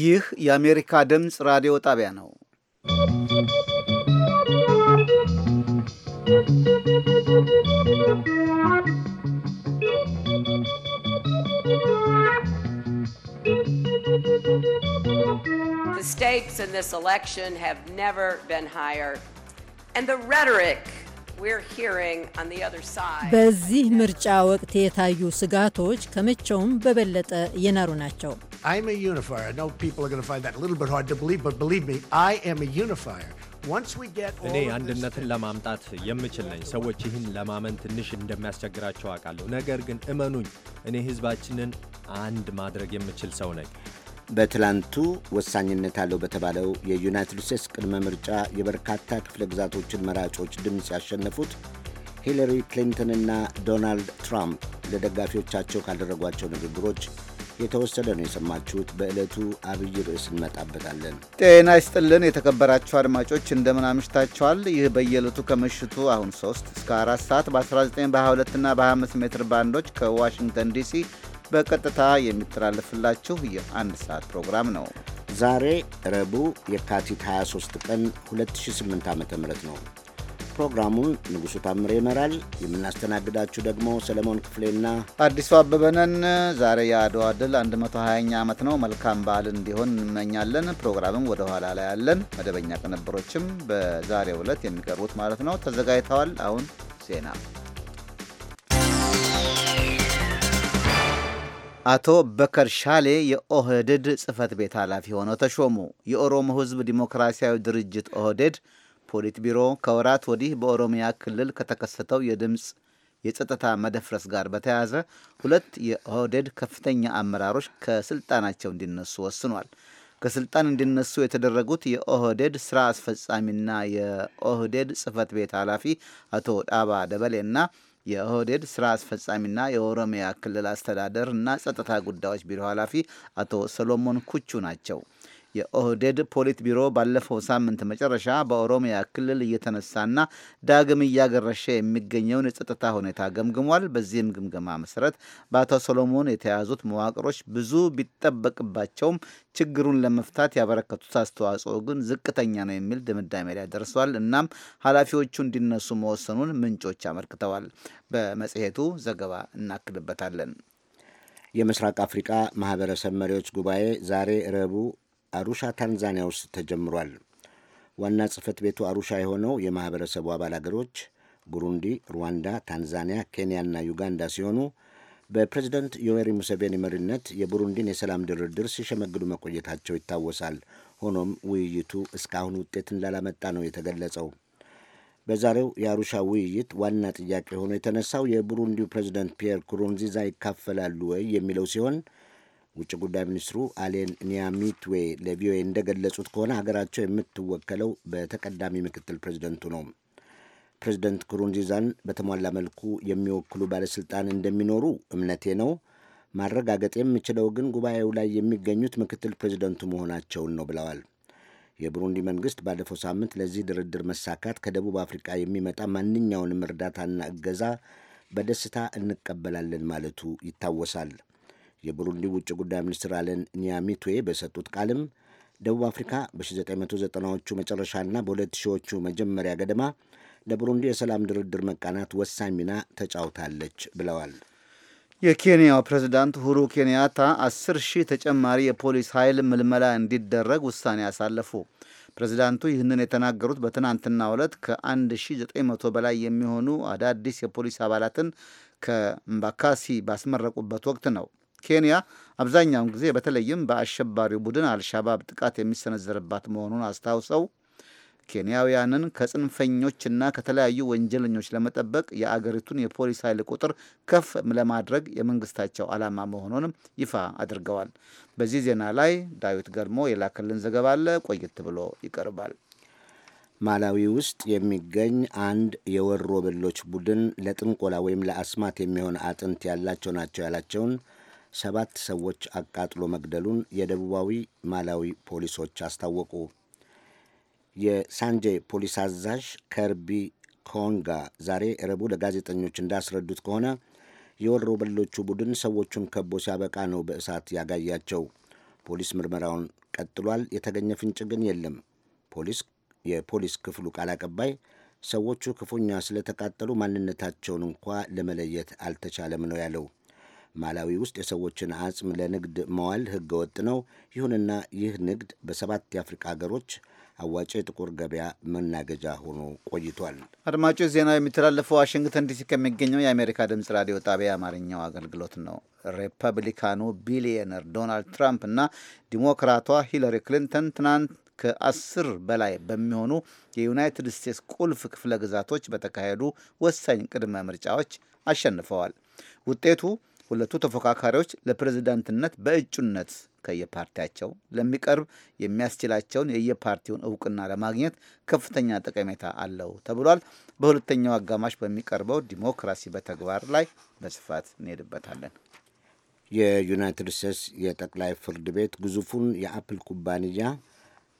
ይህ የአሜሪካ ድምፅ ራዲዮ ጣቢያ ነው። The stakes in this election have never been higher. And the rhetoric we're hearing on the other side. በዚህ ምርጫ ወቅት የታዩ ስጋቶች ከመቼውም በበለጠ የናሩ ናቸው። I'm a unifier. I know people are going to find that a little bit hard to believe, but believe me, I am a unifier. እኔ አንድነትን ለማምጣት የምችል ነኝ። ሰዎች ይህን ለማመን ትንሽ እንደሚያስቸግራቸው አውቃለሁ። ነገር ግን እመኑኝ፣ እኔ ሕዝባችንን አንድ ማድረግ የምችል ሰው ነኝ። በትላንቱ ወሳኝነት አለው በተባለው የዩናይትድ ስቴትስ ቅድመ ምርጫ የበርካታ ክፍለ ግዛቶችን መራጮች ድምፅ ያሸነፉት ሂለሪ ክሊንተንና ዶናልድ ትራምፕ ለደጋፊዎቻቸው ካደረጓቸው ንግግሮች የተወሰደ ነው የሰማችሁት። በዕለቱ አብይ ርዕስ እንመጣበታለን። ጤና ይስጥልን የተከበራችሁ አድማጮች እንደምን አምሽታችኋል። ይህ በየዕለቱ ከምሽቱ አሁን 3 እስከ 4 ሰዓት በ19 በ22 እና በ25 ሜትር ባንዶች ከዋሽንግተን ዲሲ በቀጥታ የሚተላለፍላችሁ የአንድ ሰዓት ፕሮግራም ነው። ዛሬ ረቡዕ የካቲት 23 ቀን 2008 ም ነው። ፕሮግራሙን ንጉሡ ታምር ይመራል። የምናስተናግዳችሁ ደግሞ ሰለሞን ክፍሌና አዲሱ አበበነን። ዛሬ የአድዋ ድል 120ኛ ዓመት ነው። መልካም በዓል እንዲሆን እንመኛለን። ፕሮግራምም ወደ ኋላ ላይ ያለን መደበኛ ቅንብሮችም በዛሬው ዕለት የሚቀርቡት ማለት ነው ተዘጋጅተዋል። አሁን ዜና አቶ በከር ሻሌ የኦህዴድ ጽህፈት ቤት ኃላፊ ሆነው ተሾሙ። የኦሮሞ ህዝብ ዲሞክራሲያዊ ድርጅት ኦህዴድ ፖሊት ቢሮ ከወራት ወዲህ በኦሮሚያ ክልል ከተከሰተው የድምፅ የጸጥታ መደፍረስ ጋር በተያያዘ ሁለት የኦህዴድ ከፍተኛ አመራሮች ከስልጣናቸው እንዲነሱ ወስኗል። ከስልጣን እንዲነሱ የተደረጉት የኦህዴድ ስራ አስፈጻሚና የኦህዴድ ጽህፈት ቤት ኃላፊ አቶ ዳባ ደበሌ እና የኦህዴድ ስራ አስፈጻሚና የኦሮሚያ ክልል አስተዳደር እና ጸጥታ ጉዳዮች ቢሮ ኃላፊ አቶ ሰሎሞን ኩቹ ናቸው። የኦህዴድ ፖሊት ቢሮ ባለፈው ሳምንት መጨረሻ በኦሮሚያ ክልል እየተነሳና ዳግም እያገረሸ የሚገኘውን የጸጥታ ሁኔታ ገምግሟል። በዚህም ግምገማ መሰረት በአቶ ሰሎሞን የተያዙት መዋቅሮች ብዙ ቢጠበቅባቸውም ችግሩን ለመፍታት ያበረከቱት አስተዋጽኦ ግን ዝቅተኛ ነው የሚል ድምዳሜ ላይ ደርሷል። እናም ኃላፊዎቹ እንዲነሱ መወሰኑን ምንጮች አመልክተዋል። በመጽሔቱ ዘገባ እናክልበታለን። የምስራቅ አፍሪቃ ማህበረሰብ መሪዎች ጉባኤ ዛሬ ረቡዕ አሩሻ ታንዛኒያ ውስጥ ተጀምሯል። ዋና ጽህፈት ቤቱ አሩሻ የሆነው የማህበረሰቡ አባል አገሮች ቡሩንዲ፣ ሩዋንዳ፣ ታንዛኒያ፣ ኬንያና ዩጋንዳ ሲሆኑ በፕሬዚደንት ዮዌሪ ሙሴቬኒ መሪነት የቡሩንዲን የሰላም ድርድር ሲሸመግሉ መቆየታቸው ይታወሳል። ሆኖም ውይይቱ እስካሁን ውጤት እንዳላመጣ ነው የተገለጸው። በዛሬው የአሩሻ ውይይት ዋና ጥያቄ ሆኖ የተነሳው የቡሩንዲው ፕሬዚደንት ፒየር ኩሩንዚዛ ይካፈላሉ ወይ የሚለው ሲሆን ውጭ ጉዳይ ሚኒስትሩ አሌን ኒያሚትዌ ለቪኦኤ እንደገለጹት ከሆነ ሀገራቸው የምትወከለው በተቀዳሚ ምክትል ፕሬዚደንቱ ነው። ፕሬዚደንት ኩሩንዚዛን በተሟላ መልኩ የሚወክሉ ባለስልጣን እንደሚኖሩ እምነቴ ነው። ማረጋገጥ የምችለው ግን ጉባኤው ላይ የሚገኙት ምክትል ፕሬዚደንቱ መሆናቸውን ነው ብለዋል። የቡሩንዲ መንግስት ባለፈው ሳምንት ለዚህ ድርድር መሳካት ከደቡብ አፍሪቃ የሚመጣ ማንኛውንም እርዳታና እገዛ በደስታ እንቀበላለን ማለቱ ይታወሳል። የቡሩንዲ ውጭ ጉዳይ ሚኒስትር አለን ኒያሚቱዌ በሰጡት ቃልም ደቡብ አፍሪካ በ1990ዎቹ መጨረሻና በ2000ዎቹ መጀመሪያ ገደማ ለቡሩንዲ የሰላም ድርድር መቃናት ወሳኝ ሚና ተጫውታለች ብለዋል። የኬንያው ፕሬዝዳንት ሁሩ ኬንያታ አስር ሺህ ተጨማሪ የፖሊስ ኃይል ምልመላ እንዲደረግ ውሳኔ አሳለፉ። ፕሬዝዳንቱ ይህንን የተናገሩት በትናንትና ዕለት ከ1900 በላይ የሚሆኑ አዳዲስ የፖሊስ አባላትን ከምባካሲ ባስመረቁበት ወቅት ነው። ኬንያ አብዛኛውን ጊዜ በተለይም በአሸባሪው ቡድን አልሻባብ ጥቃት የሚሰነዘርባት መሆኑን አስታውሰው ኬንያውያንን ከጽንፈኞችና ከተለያዩ ወንጀለኞች ለመጠበቅ የአገሪቱን የፖሊስ ኃይል ቁጥር ከፍ ለማድረግ የመንግስታቸው ዓላማ መሆኑንም ይፋ አድርገዋል። በዚህ ዜና ላይ ዳዊት ገርሞ የላከልን ዘገባ አለ፣ ቆየት ብሎ ይቀርባል። ማላዊ ውስጥ የሚገኝ አንድ የወሮ በሎች ቡድን ለጥንቆላ ወይም ለአስማት የሚሆን አጥንት ያላቸው ናቸው ያላቸውን ሰባት ሰዎች አቃጥሎ መግደሉን የደቡባዊ ማላዊ ፖሊሶች አስታወቁ። የሳንጄ ፖሊስ አዛዥ ከርቢ ኮንጋ ዛሬ ረቡዕ ለጋዜጠኞች እንዳስረዱት ከሆነ የወሮ በሎቹ ቡድን ሰዎቹን ከቦ ሲያበቃ ነው በእሳት ያጋያቸው። ፖሊስ ምርመራውን ቀጥሏል። የተገኘ ፍንጭ ግን የለም። ፖሊስ የፖሊስ ክፍሉ ቃል አቀባይ ሰዎቹ ክፉኛ ስለተቃጠሉ ማንነታቸውን እንኳ ለመለየት አልተቻለም ነው ያለው። ማላዊ ውስጥ የሰዎችን አጽም ለንግድ መዋል ወጥ ነው። ይሁንና ይህ ንግድ በሰባት የአፍሪካ አገሮች አዋጭ ጥቁር ገበያ መናገጃ ሆኖ ቆይቷል። አድማጮች ዜናው የሚተላለፈው ዋሽንግተን ዲሲ ከሚገኘው የአሜሪካ ድምጽ ራዲዮ ጣቢያ የአማርኛው አገልግሎት ነው። ሪፐብሊካኑ ቢሊየነር ዶናልድ ትራምፕ እና ዲሞክራቷ ሂለሪ ክሊንተን ትናንት ከአስር በላይ በሚሆኑ የዩናይትድ ስቴትስ ቁልፍ ክፍለ ግዛቶች በተካሄዱ ወሳኝ ቅድመ ምርጫዎች አሸንፈዋል። ውጤቱ ሁለቱ ተፎካካሪዎች ለፕሬዝዳንትነት በእጩነት ከየፓርቲያቸው ለሚቀርብ የሚያስችላቸውን የየፓርቲውን እውቅና ለማግኘት ከፍተኛ ጠቀሜታ አለው ተብሏል። በሁለተኛው አጋማሽ በሚቀርበው ዲሞክራሲ በተግባር ላይ በስፋት እንሄድበታለን። የዩናይትድ ስቴትስ የጠቅላይ ፍርድ ቤት ግዙፉን የአፕል ኩባንያ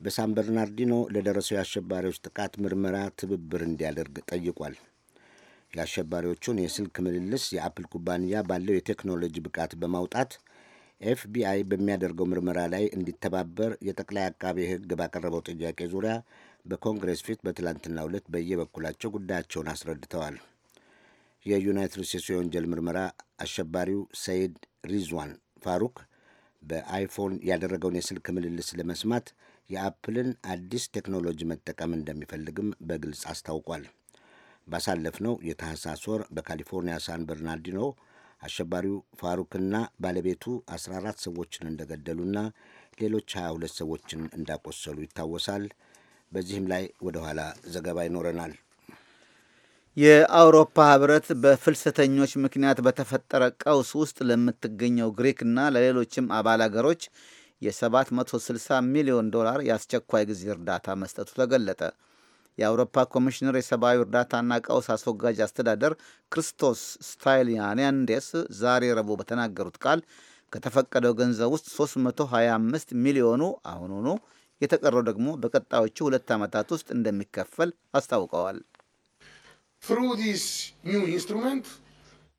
በሳን በርናርዲኖ ለደረሰው የአሸባሪዎች ጥቃት ምርመራ ትብብር እንዲያደርግ ጠይቋል። የአሸባሪዎቹን የስልክ ምልልስ የአፕል ኩባንያ ባለው የቴክኖሎጂ ብቃት በማውጣት ኤፍቢአይ በሚያደርገው ምርመራ ላይ እንዲተባበር የጠቅላይ አቃቤ ሕግ ባቀረበው ጥያቄ ዙሪያ በኮንግሬስ ፊት በትላንትናው ዕለት በየበኩላቸው ጉዳያቸውን አስረድተዋል። የዩናይትድ ስቴትስ የወንጀል ምርመራ አሸባሪው ሰይድ ሪዝዋን ፋሩክ በአይፎን ያደረገውን የስልክ ምልልስ ለመስማት የአፕልን አዲስ ቴክኖሎጂ መጠቀም እንደሚፈልግም በግልጽ አስታውቋል። ባሳለፍነው የታህሳስ ወር በካሊፎርኒያ ሳን በርናርዲኖ አሸባሪው ፋሩክና ባለቤቱ 14 ሰዎችን እንደገደሉና ሌሎች 22 ሰዎችን እንዳቆሰሉ ይታወሳል። በዚህም ላይ ወደ ኋላ ዘገባ ይኖረናል። የአውሮፓ ህብረት በፍልሰተኞች ምክንያት በተፈጠረ ቀውስ ውስጥ ለምትገኘው ግሪክና ለሌሎችም አባል አገሮች የ760 ሚሊዮን ዶላር የአስቸኳይ ጊዜ እርዳታ መስጠቱ ተገለጠ። የአውሮፓ ኮሚሽነር የሰብአዊ እርዳታና ቀውስ አስወጋጅ አስተዳደር ክርስቶስ ስታይልያንዴስ ዛሬ ረቡዕ በተናገሩት ቃል ከተፈቀደው ገንዘብ ውስጥ 325 ሚሊዮኑ አሁኑኑ የተቀረው ደግሞ በቀጣዮቹ ሁለት ዓመታት ውስጥ እንደሚከፈል አስታውቀዋል። ትሩ ዲስ ኒው ኢንስትሩመንት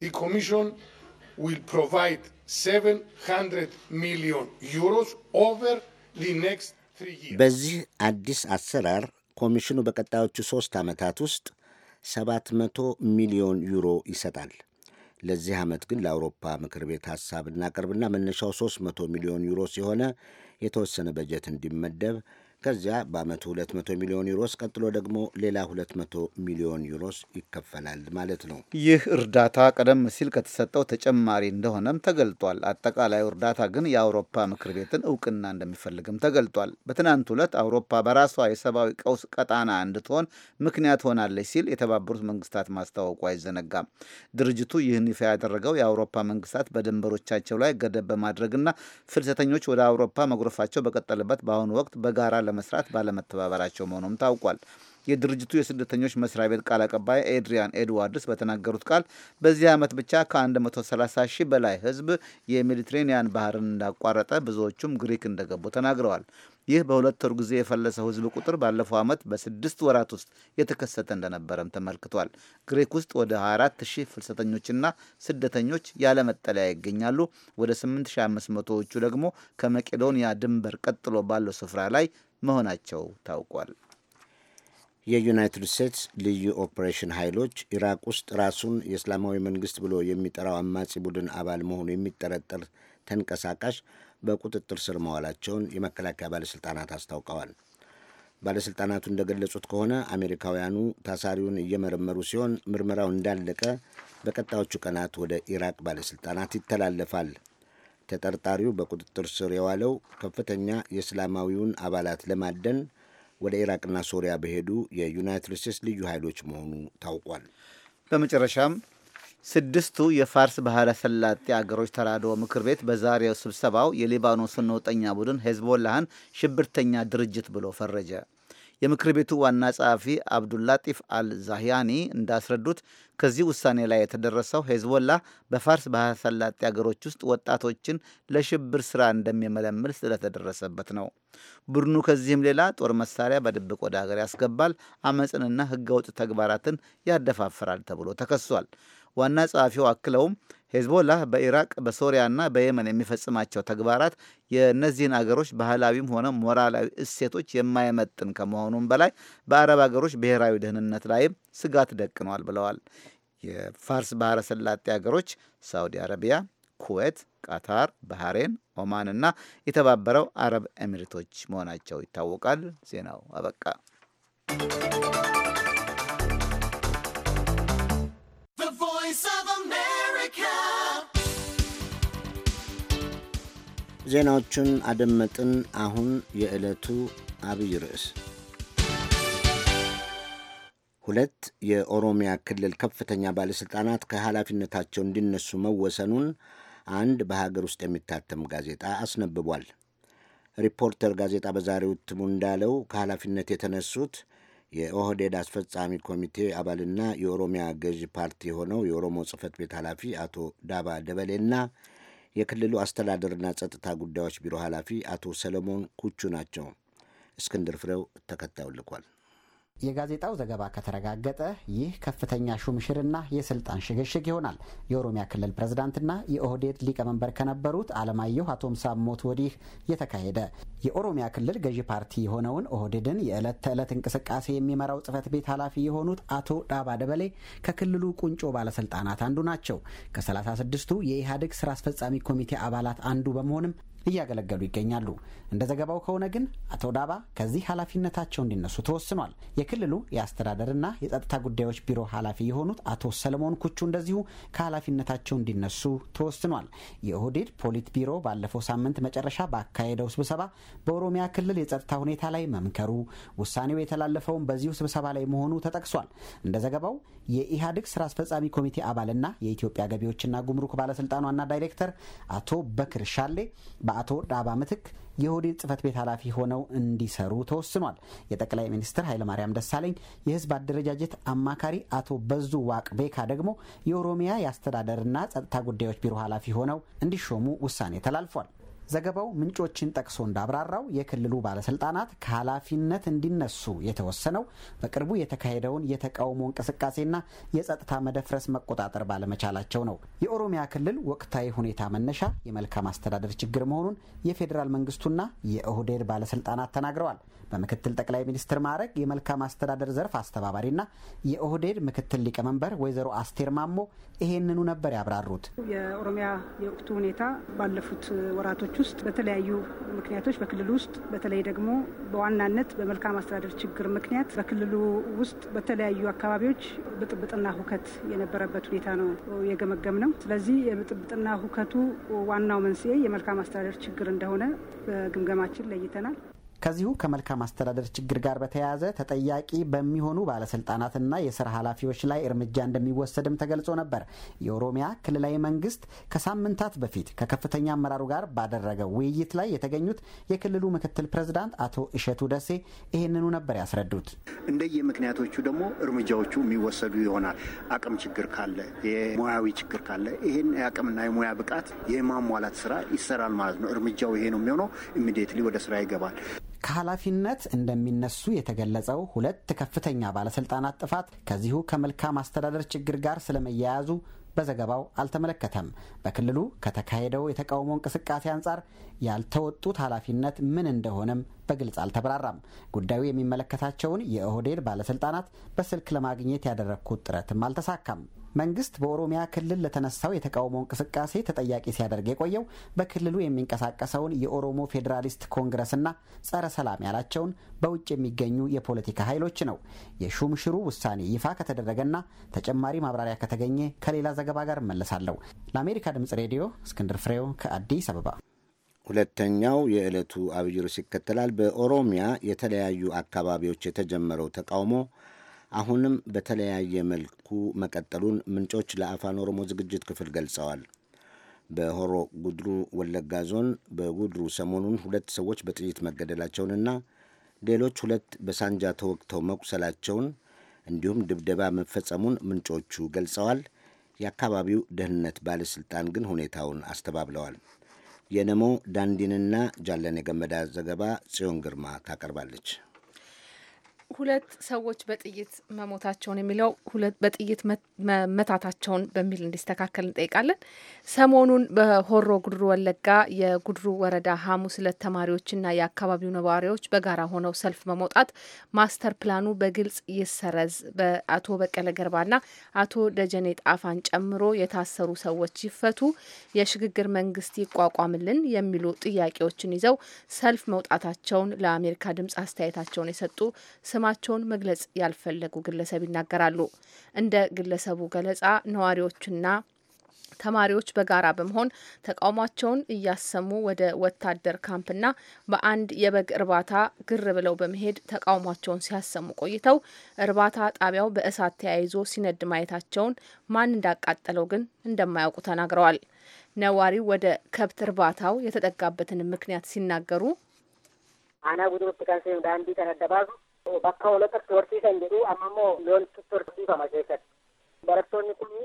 ዲ ኮሚሽን ዊል ፕሮቫይድ 700 ሚሊዮን ዩሮስ ኦቨር ዲ ኔክስት በዚህ አዲስ አሰራር ኮሚሽኑ በቀጣዮቹ ሦስት ዓመታት ውስጥ 700 ሚሊዮን ዩሮ ይሰጣል። ለዚህ ዓመት ግን ለአውሮፓ ምክር ቤት ሐሳብ እናቀርብና መነሻው 300 ሚሊዮን ዩሮ ሲሆነ የተወሰነ በጀት እንዲመደብ ከዚያ በአመቱ 200 ሚሊዮን ዩሮስ ቀጥሎ ደግሞ ሌላ 200 ሚሊዮን ዩሮስ ይከፈላል ማለት ነው። ይህ እርዳታ ቀደም ሲል ከተሰጠው ተጨማሪ እንደሆነም ተገልጧል። አጠቃላይ እርዳታ ግን የአውሮፓ ምክር ቤትን እውቅና እንደሚፈልግም ተገልጧል። በትናንት ዕለት አውሮፓ በራሷ የሰብአዊ ቀውስ ቀጣና እንድትሆን ምክንያት ሆናለች ሲል የተባበሩት መንግስታት ማስታወቁ አይዘነጋም። ድርጅቱ ይህን ይፋ ያደረገው የአውሮፓ መንግስታት በድንበሮቻቸው ላይ ገደብ በማድረግና ፍልሰተኞች ወደ አውሮፓ መጉረፋቸው በቀጠለበት በአሁኑ ወቅት በጋራ ለመስራት ባለመተባበራቸው መሆኑም ታውቋል። የድርጅቱ የስደተኞች መስሪያ ቤት ቃል አቀባይ ኤድሪያን ኤድዋርድስ በተናገሩት ቃል በዚህ ዓመት ብቻ ከ130 ሺህ በላይ ሕዝብ የሜዲትሬኒያን ባህርን እንዳቋረጠ ብዙዎቹም ግሪክ እንደገቡ ተናግረዋል። ይህ በሁለት ወር ጊዜ የፈለሰው ህዝብ ቁጥር ባለፈው ዓመት በስድስት ወራት ውስጥ የተከሰተ እንደነበረም ተመልክቷል። ግሪክ ውስጥ ወደ 24 ሺህ ፍልሰተኞችና ስደተኞች ያለመጠለያ ይገኛሉ። ወደ 8500ዎቹ ደግሞ ከመቄዶንያ ድንበር ቀጥሎ ባለው ስፍራ ላይ መሆናቸው ታውቋል። የዩናይትድ ስቴትስ ልዩ ኦፕሬሽን ኃይሎች ኢራቅ ውስጥ ራሱን የእስላማዊ መንግስት ብሎ የሚጠራው አማጺ ቡድን አባል መሆኑ የሚጠረጠር ተንቀሳቃሽ በቁጥጥር ስር መዋላቸውን የመከላከያ ባለሥልጣናት አስታውቀዋል። ባለሥልጣናቱ እንደገለጹት ከሆነ አሜሪካውያኑ ታሳሪውን እየመረመሩ ሲሆን ምርመራው እንዳለቀ በቀጣዮቹ ቀናት ወደ ኢራቅ ባለሥልጣናት ይተላለፋል። ተጠርጣሪው በቁጥጥር ስር የዋለው ከፍተኛ የእስላማዊውን አባላት ለማደን ወደ ኢራቅና ሶሪያ በሄዱ የዩናይትድ ስቴትስ ልዩ ኃይሎች መሆኑ ታውቋል። በመጨረሻም ስድስቱ የፋርስ ባህረ ሰላጤ አገሮች ተራድኦ ምክር ቤት በዛሬው ስብሰባው የሊባኖስን ነውጠኛ ቡድን ሄዝቦላህን ሽብርተኛ ድርጅት ብሎ ፈረጀ። የምክር ቤቱ ዋና ጸሐፊ አብዱላጢፍ አልዛህያኒ እንዳስረዱት ከዚህ ውሳኔ ላይ የተደረሰው ሄዝቦላ በፋርስ ባሕረ ሰላጤ አገሮች ውስጥ ወጣቶችን ለሽብር ስራ እንደሚመለምል ስለተደረሰበት ነው። ቡድኑ ከዚህም ሌላ ጦር መሳሪያ በድብቅ ወደ ሀገር ያስገባል፣ አመፅንና ህገወጥ ተግባራትን ያደፋፍራል ተብሎ ተከሷል። ዋና ጸሐፊው አክለውም ሄዝቦላ በኢራቅ በሶሪያና በየመን የሚፈጽማቸው ተግባራት የእነዚህን አገሮች ባህላዊም ሆነ ሞራላዊ እሴቶች የማይመጥን ከመሆኑም በላይ በአረብ አገሮች ብሔራዊ ደህንነት ላይም ስጋት ደቅኗል ብለዋል። የፋርስ ባህረ ሰላጤ አገሮች ሳውዲ አረቢያ፣ ኩዌት፣ ቃታር፣ ባህሬን፣ ኦማን እና የተባበረው አረብ ኤሚሬቶች መሆናቸው ይታወቃል። ዜናው አበቃ። ዜናዎቹን አደመጥን። አሁን የዕለቱ አብይ ርዕስ ሁለት የኦሮሚያ ክልል ከፍተኛ ባለሥልጣናት ከኃላፊነታቸው እንዲነሱ መወሰኑን አንድ በሀገር ውስጥ የሚታተም ጋዜጣ አስነብቧል። ሪፖርተር ጋዜጣ በዛሬው እትሙ እንዳለው ከኃላፊነት የተነሱት የኦህዴድ አስፈጻሚ ኮሚቴ አባልና የኦሮሚያ ገዢ ፓርቲ የሆነው የኦሮሞ ጽህፈት ቤት ኃላፊ አቶ ዳባ ደበሌና የክልሉ አስተዳደርና ጸጥታ ጉዳዮች ቢሮ ኃላፊ አቶ ሰለሞን ኩቹ ናቸው። እስክንድር ፍሬው ተከታዩ ልኳል። የጋዜጣው ዘገባ ከተረጋገጠ ይህ ከፍተኛ ሹምሽርና የስልጣን ሽግሽግ ይሆናል። የኦሮሚያ ክልል ፕሬዝዳንትና የኦህዴድ ሊቀመንበር ከነበሩት አለማየሁ አቶምሳ ሞት ወዲህ የተካሄደ የኦሮሚያ ክልል ገዢ ፓርቲ የሆነውን ኦህዴድን የዕለት ተዕለት እንቅስቃሴ የሚመራው ጽህፈት ቤት ኃላፊ የሆኑት አቶ ዳባ ደበሌ ከክልሉ ቁንጮ ባለስልጣናት አንዱ ናቸው። ከ36ቱ የኢህአዴግ ስራ አስፈጻሚ ኮሚቴ አባላት አንዱ በመሆንም እያገለገሉ ይገኛሉ። እንደ ዘገባው ከሆነ ግን አቶ ዳባ ከዚህ ኃላፊነታቸው እንዲነሱ ተወስኗል። የክልሉ የአስተዳደርና የጸጥታ ጉዳዮች ቢሮ ኃላፊ የሆኑት አቶ ሰለሞን ኩቹ እንደዚሁ ከኃላፊነታቸው እንዲነሱ ተወስኗል። የኦህዴድ ፖሊት ቢሮ ባለፈው ሳምንት መጨረሻ ባካሄደው ስብሰባ በኦሮሚያ ክልል የጸጥታ ሁኔታ ላይ መምከሩ፣ ውሳኔው የተላለፈውን በዚሁ ስብሰባ ላይ መሆኑ ተጠቅሷል። እንደ ዘገባው የኢህአዴግ ስራ አስፈጻሚ ኮሚቴ አባልና የኢትዮጵያ ገቢዎችና ጉምሩክ ባለስልጣን ዋና ዳይሬክተር አቶ በክር ሻሌ በአቶ ዳባ ምትክ የኦህዴድ ጽህፈት ቤት ኃላፊ ሆነው እንዲሰሩ ተወስኗል። የጠቅላይ ሚኒስትር ኃይለማርያም ደሳለኝ የህዝብ አደረጃጀት አማካሪ አቶ በዙ ዋቅ ቤካ ደግሞ የኦሮሚያ የአስተዳደርና ጸጥታ ጉዳዮች ቢሮ ኃላፊ ሆነው እንዲሾሙ ውሳኔ ተላልፏል። ዘገባው ምንጮችን ጠቅሶ እንዳብራራው የክልሉ ባለስልጣናት ከኃላፊነት እንዲነሱ የተወሰነው በቅርቡ የተካሄደውን የተቃውሞ እንቅስቃሴና የጸጥታ መደፍረስ መቆጣጠር ባለመቻላቸው ነው። የኦሮሚያ ክልል ወቅታዊ ሁኔታ መነሻ የመልካም አስተዳደር ችግር መሆኑን የፌዴራል መንግስቱና የኦህዴድ ባለስልጣናት ተናግረዋል። በምክትል ጠቅላይ ሚኒስትር ማዕረግ የመልካም አስተዳደር ዘርፍ አስተባባሪና የኦህዴድ ምክትል ሊቀመንበር ወይዘሮ አስቴር ማሞ ይሄንኑ ነበር ያብራሩት። የኦሮሚያ የወቅቱ ሁኔታ ባለፉት ወራቶች ክልሎች ውስጥ በተለያዩ ምክንያቶች በክልሉ ውስጥ በተለይ ደግሞ በዋናነት በመልካም አስተዳደር ችግር ምክንያት በክልሉ ውስጥ በተለያዩ አካባቢዎች ብጥብጥና ሁከት የነበረበት ሁኔታ ነው የገመገም ነው። ስለዚህ የብጥብጥና ሁከቱ ዋናው መንስኤ የመልካም አስተዳደር ችግር እንደሆነ በግምገማችን ለይተናል። ከዚሁ ከመልካም አስተዳደር ችግር ጋር በተያያዘ ተጠያቂ በሚሆኑ ባለስልጣናትና የስራ ኃላፊዎች ላይ እርምጃ እንደሚወሰድም ተገልጾ ነበር። የኦሮሚያ ክልላዊ መንግስት ከሳምንታት በፊት ከከፍተኛ አመራሩ ጋር ባደረገው ውይይት ላይ የተገኙት የክልሉ ምክትል ፕሬዝዳንት አቶ እሸቱ ደሴ ይህንኑ ነበር ያስረዱት። እንደየ ምክንያቶቹ ደግሞ እርምጃዎቹ የሚወሰዱ ይሆናል። አቅም ችግር ካለ፣ የሙያዊ ችግር ካለ ይህን የአቅምና የሙያ ብቃት የማሟላት ስራ ይሰራል ማለት ነው። እርምጃው ይሄ ነው የሚሆነው። ኢሚዲየትሊ ወደ ስራ ይገባል። ከኃላፊነት እንደሚነሱ የተገለጸው ሁለት ከፍተኛ ባለስልጣናት ጥፋት ከዚሁ ከመልካም አስተዳደር ችግር ጋር ስለመያያዙ በዘገባው አልተመለከተም። በክልሉ ከተካሄደው የተቃውሞ እንቅስቃሴ አንጻር ያልተወጡት ኃላፊነት ምን እንደሆነም በግልጽ አልተብራራም። ጉዳዩ የሚመለከታቸውን የኦህዴድ ባለስልጣናት በስልክ ለማግኘት ያደረግኩት ጥረትም አልተሳካም። መንግስት በኦሮሚያ ክልል ለተነሳው የተቃውሞ እንቅስቃሴ ተጠያቂ ሲያደርግ የቆየው በክልሉ የሚንቀሳቀሰውን የኦሮሞ ፌዴራሊስት ኮንግረስና ጸረ ሰላም ያላቸውን በውጭ የሚገኙ የፖለቲካ ኃይሎች ነው። የሹምሽሩ ውሳኔ ይፋ ከተደረገና ተጨማሪ ማብራሪያ ከተገኘ ከሌላ ዘገባ ጋር እመለሳለሁ። ለአሜሪካ ድምጽ ሬዲዮ እስክንድር ፍሬው ከአዲስ አበባ። ሁለተኛው የዕለቱ አብይ ርዕስ ይከተላል። በኦሮሚያ የተለያዩ አካባቢዎች የተጀመረው ተቃውሞ አሁንም በተለያየ መልኩ መቀጠሉን ምንጮች ለአፋን ኦሮሞ ዝግጅት ክፍል ገልጸዋል። በሆሮ ጉድሩ ወለጋ ዞን በጉድሩ ሰሞኑን ሁለት ሰዎች በጥይት መገደላቸውንና ሌሎች ሁለት በሳንጃ ተወግተው መቁሰላቸውን እንዲሁም ድብደባ መፈጸሙን ምንጮቹ ገልጸዋል። የአካባቢው ደህንነት ባለሥልጣን ግን ሁኔታውን አስተባብለዋል። የነሞ ዳንዲንና ጃለን የገመዳ ዘገባ ጽዮን ግርማ ታቀርባለች። ሁለት ሰዎች በጥይት መሞታቸውን የሚለው ሁለት በጥይት መታታቸውን በሚል እንዲስተካከል እንጠይቃለን። ሰሞኑን በሆሮ ጉድሩ ወለጋ የጉድሩ ወረዳ ሐሙስ ዕለት ተማሪዎችና የአካባቢው ነዋሪዎች በጋራ ሆነው ሰልፍ በመውጣት ማስተር ፕላኑ በግልጽ ይሰረዝ፣ በአቶ በቀለ ገርባና አቶ ደጀኔ ጣፋን ጨምሮ የታሰሩ ሰዎች ይፈቱ፣ የሽግግር መንግስት ይቋቋምልን የሚሉ ጥያቄዎችን ይዘው ሰልፍ መውጣታቸውን ለአሜሪካ ድምጽ አስተያየታቸውን የሰጡ ስማቸውን መግለጽ ያልፈለጉ ግለሰብ ይናገራሉ። እንደ ግለሰቡ ገለጻ ነዋሪዎችና ተማሪዎች በጋራ በመሆን ተቃውሟቸውን እያሰሙ ወደ ወታደር ካምፕና በአንድ የበግ እርባታ ግር ብለው በመሄድ ተቃውሟቸውን ሲያሰሙ ቆይተው እርባታ ጣቢያው በእሳት ተያይዞ ሲነድ ማየታቸውን ማን እንዳቃጠለው ግን እንደማያውቁ ተናግረዋል። ነዋሪው ወደ ከብት እርባታው የተጠጋበትን ምክንያት ሲናገሩ አና ጉዱሩ bakka hoolotatti horsiisan jedhu ammamoo loonitti horsiifama keessatti barattoonni kun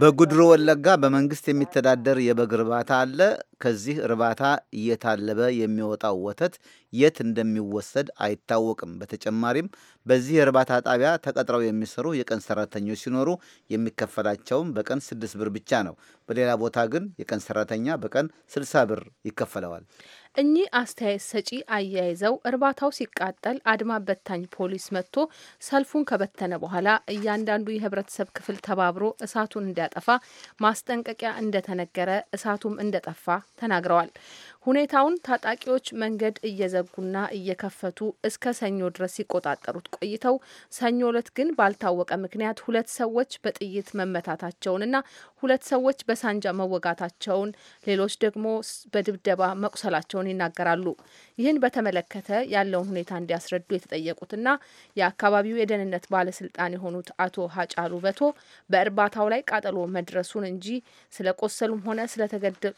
በጉድሮ ወለጋ በመንግስት የሚተዳደር የበግ እርባታ አለ። ከዚህ እርባታ እየታለበ የሚወጣው ወተት የት እንደሚወሰድ አይታወቅም። በተጨማሪም በዚህ የእርባታ ጣቢያ ተቀጥረው የሚሰሩ የቀን ሰራተኞች ሲኖሩ የሚከፈላቸውም በቀን ስድስት ብር ብቻ ነው። በሌላ ቦታ ግን የቀን ሰራተኛ በቀን ስልሳ ብር ይከፈለዋል። እኚህ አስተያየት ሰጪ አያይዘው እርባታው ሲቃጠል አድማ በታኝ ፖሊስ መጥቶ ሰልፉን ከበተነ በኋላ እያንዳንዱ የህብረተሰብ ክፍል ተባብሮ እሳቱን እንዲያጠፋ ማስጠንቀቂያ እንደተነገረ እሳቱም እንደጠፋ ተናግረዋል። ሁኔታውን ታጣቂዎች መንገድ እየዘጉና እየከፈቱ እስከ ሰኞ ድረስ ሲቆጣጠሩት ቆይተው ሰኞ እለት ግን ባልታወቀ ምክንያት ሁለት ሰዎች በጥይት መመታታቸውንና ሁለት ሰዎች በሳንጃ መወጋታቸውን ሌሎች ደግሞ በድብደባ መቁሰላቸውን ይናገራሉ። ይህን በተመለከተ ያለውን ሁኔታ እንዲያስረዱ የተጠየቁትና የአካባቢው የደህንነት ባለስልጣን የሆኑት አቶ ሀጫሉ በቶ በእርባታው ላይ ቃጠሎ መድረሱን እንጂ ስለቆሰሉም ሆነ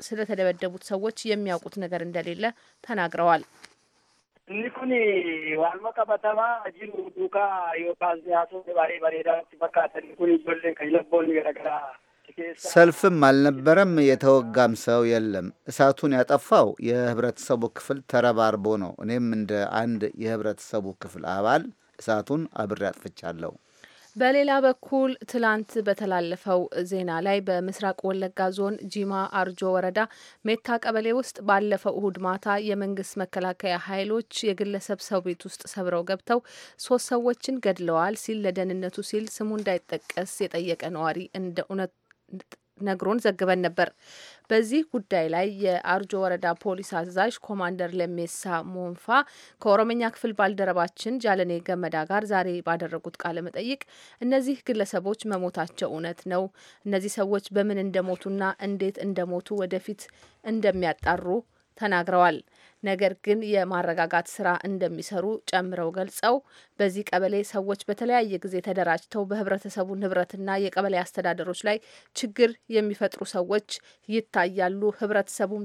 ስለተደበደቡት ሰዎች የሚያውቁት ነገር እንደሌለ ተናግረዋል። ንኩን ዋልመ ቀበተማ ጅሩ ዱካ ዮካዝያሶ ባሬ ባሬዳ ሲፈካተ ኒኩኒ ጆሌ ከይለቦን ገረገራ ሰልፍም አልነበረም። የተወጋም ሰው የለም። እሳቱን ያጠፋው የህብረተሰቡ ክፍል ተረባርቦ ነው። እኔም እንደ አንድ የህብረተሰቡ ክፍል አባል እሳቱን አብሬ አጥፍቻለሁ። በሌላ በኩል ትላንት በተላለፈው ዜና ላይ በምስራቅ ወለጋ ዞን ጂማ አርጆ ወረዳ ሜታ ቀበሌ ውስጥ ባለፈው እሁድ ማታ የመንግስት መከላከያ ኃይሎች የግለሰብ ሰው ቤት ውስጥ ሰብረው ገብተው ሶስት ሰዎችን ገድለዋል ሲል ለደህንነቱ ሲል ስሙ እንዳይጠቀስ የጠየቀ ነዋሪ እንደ እውነት ነግሮን ዘግበን ነበር። በዚህ ጉዳይ ላይ የአርጆ ወረዳ ፖሊስ አዛዥ ኮማንደር ለሜሳ ሞንፋ ከኦሮምኛ ክፍል ባልደረባችን ጃለኔ ገመዳ ጋር ዛሬ ባደረጉት ቃለ መጠይቅ እነዚህ ግለሰቦች መሞታቸው እውነት ነው፣ እነዚህ ሰዎች በምን እንደሞቱና እንዴት እንደሞቱ ወደፊት እንደሚያጣሩ ተናግረዋል። ነገር ግን የማረጋጋት ስራ እንደሚሰሩ ጨምረው ገልጸው በዚህ ቀበሌ ሰዎች በተለያየ ጊዜ ተደራጅተው በህብረተሰቡ ንብረትና የቀበሌ አስተዳደሮች ላይ ችግር የሚፈጥሩ ሰዎች ይታያሉ፣ ህብረተሰቡን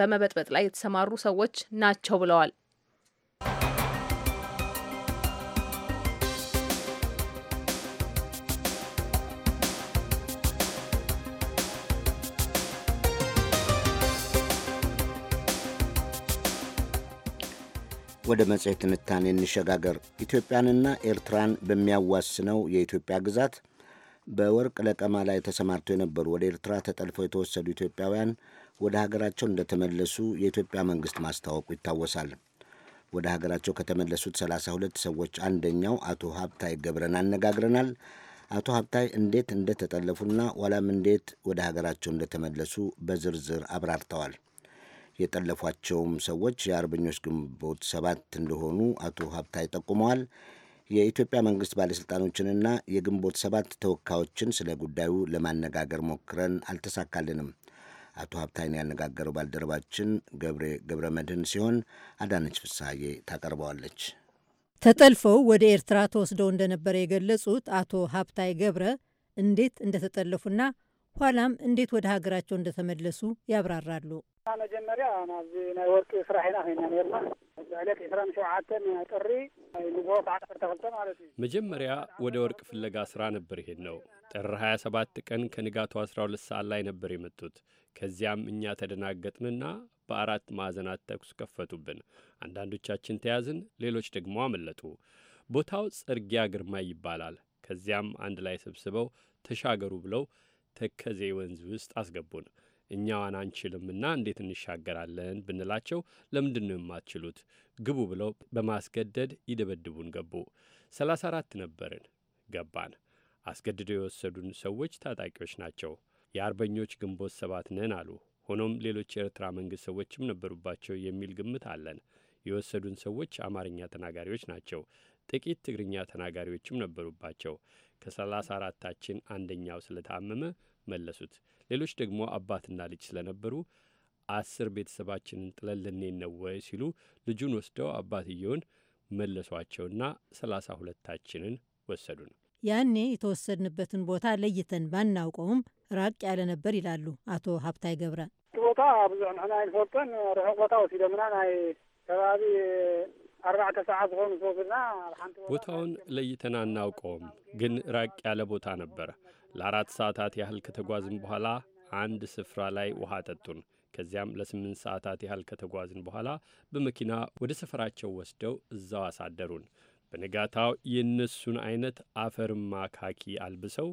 በመበጥበጥ ላይ የተሰማሩ ሰዎች ናቸው ብለዋል። ወደ መጽሔት ትንታኔ እንሸጋገር። ኢትዮጵያንና ኤርትራን በሚያዋስነው የኢትዮጵያ ግዛት በወርቅ ለቀማ ላይ ተሰማርተው የነበሩ ወደ ኤርትራ ተጠልፈው የተወሰዱ ኢትዮጵያውያን ወደ ሀገራቸው እንደተመለሱ የኢትዮጵያ መንግሥት ማስታወቁ ይታወሳል። ወደ ሀገራቸው ከተመለሱት 32 ሰዎች አንደኛው አቶ ሀብታይ ገብረን አነጋግረናል። አቶ ሀብታይ እንዴት እንደተጠለፉና ኋላም እንዴት ወደ ሀገራቸው እንደተመለሱ በዝርዝር አብራርተዋል። የጠለፏቸውም ሰዎች የአርበኞች ግንቦት ሰባት እንደሆኑ አቶ ሀብታይ ጠቁመዋል። የኢትዮጵያ መንግስት ባለሥልጣኖችንና የግንቦት ሰባት ተወካዮችን ስለ ጉዳዩ ለማነጋገር ሞክረን አልተሳካልንም። አቶ ሀብታይን ያነጋገረው ባልደረባችን ገብሬ ገብረ መድህን ሲሆን አዳነች ፍሳሐዬ ታቀርበዋለች። ተጠልፈው ወደ ኤርትራ ተወስደው እንደነበረ የገለጹት አቶ ሀብታይ ገብረ እንዴት እንደተጠለፉና ኋላም እንዴት ወደ ሀገራቸው እንደተመለሱ ያብራራሉ። መጀመርያ ናብዚ ናይ ወርቂ ስራሕ ኢና ኮይና ነርና ዕለት ዕስራን ጥሪ ንቦት ዓሰርተ ክልተ ማለት እዩ መጀመሪያ ወደ ወርቅ ፍለጋ ስራ ነበር ይሄድ ነው። ጥር 27 ቀን ከንጋቱ 12 ሰዓት ላይ ነበር የመጡት። ከዚያም እኛ ተደናገጥንና በአራት ማዕዘናት ተኩስ ከፈቱብን። አንዳንዶቻችን ተያዝን፣ ሌሎች ደግሞ አመለጡ። ቦታው ጸርጊያ ግርማ ይባላል። ከዚያም አንድ ላይ ሰብስበው ተሻገሩ ብለው ተከዜ ወንዝ ውስጥ አስገቡን። እኛዋን አንችልምና እንዴት እንሻገራለን ብንላቸው ለምንድን ነው የማትችሉት ግቡ ብለው በማስገደድ ይደበድቡን ገቡ። ሰላሳ አራት ነበርን ገባን። አስገድደው የወሰዱን ሰዎች ታጣቂዎች ናቸው። የአርበኞች ግንቦት ሰባት ነን አሉ። ሆኖም ሌሎች የኤርትራ መንግሥት ሰዎችም ነበሩባቸው የሚል ግምት አለን። የወሰዱን ሰዎች አማርኛ ተናጋሪዎች ናቸው። ጥቂት ትግርኛ ተናጋሪዎችም ነበሩባቸው። ከሰላሳ አራታችን አንደኛው ስለታመመ መለሱት። ሌሎች ደግሞ አባትና ልጅ ስለነበሩ አስር ቤተሰባችንን ጥለን ልንሄድ ነው ወይ ሲሉ ልጁን ወስደው አባትየውን መለሷቸውና ሰላሳ ሁለታችንን ወሰዱን። ያኔ የተወሰድንበትን ቦታ ለይተን ባናውቀውም ራቅ ያለ ነበር ይላሉ አቶ ሀብታይ ገብረ። ቦታ ብዙ ንሕና ይንፈልጠን ርሑቅ ቦታ ወሲደምና ናይ ከባቢ አርባዕተ ሰዓት ዝኾኑ ቦታውን ለይተን አናውቀውም፣ ግን ራቅ ያለ ቦታ ነበረ። ለአራት ሰዓታት ያህል ከተጓዝን በኋላ አንድ ስፍራ ላይ ውሃ ጠጡን። ከዚያም ለስምንት ሰዓታት ያህል ከተጓዝን በኋላ በመኪና ወደ ሰፈራቸው ወስደው እዛው አሳደሩን። በንጋታው የእነሱን አይነት አፈርማ ካኪ አልብሰው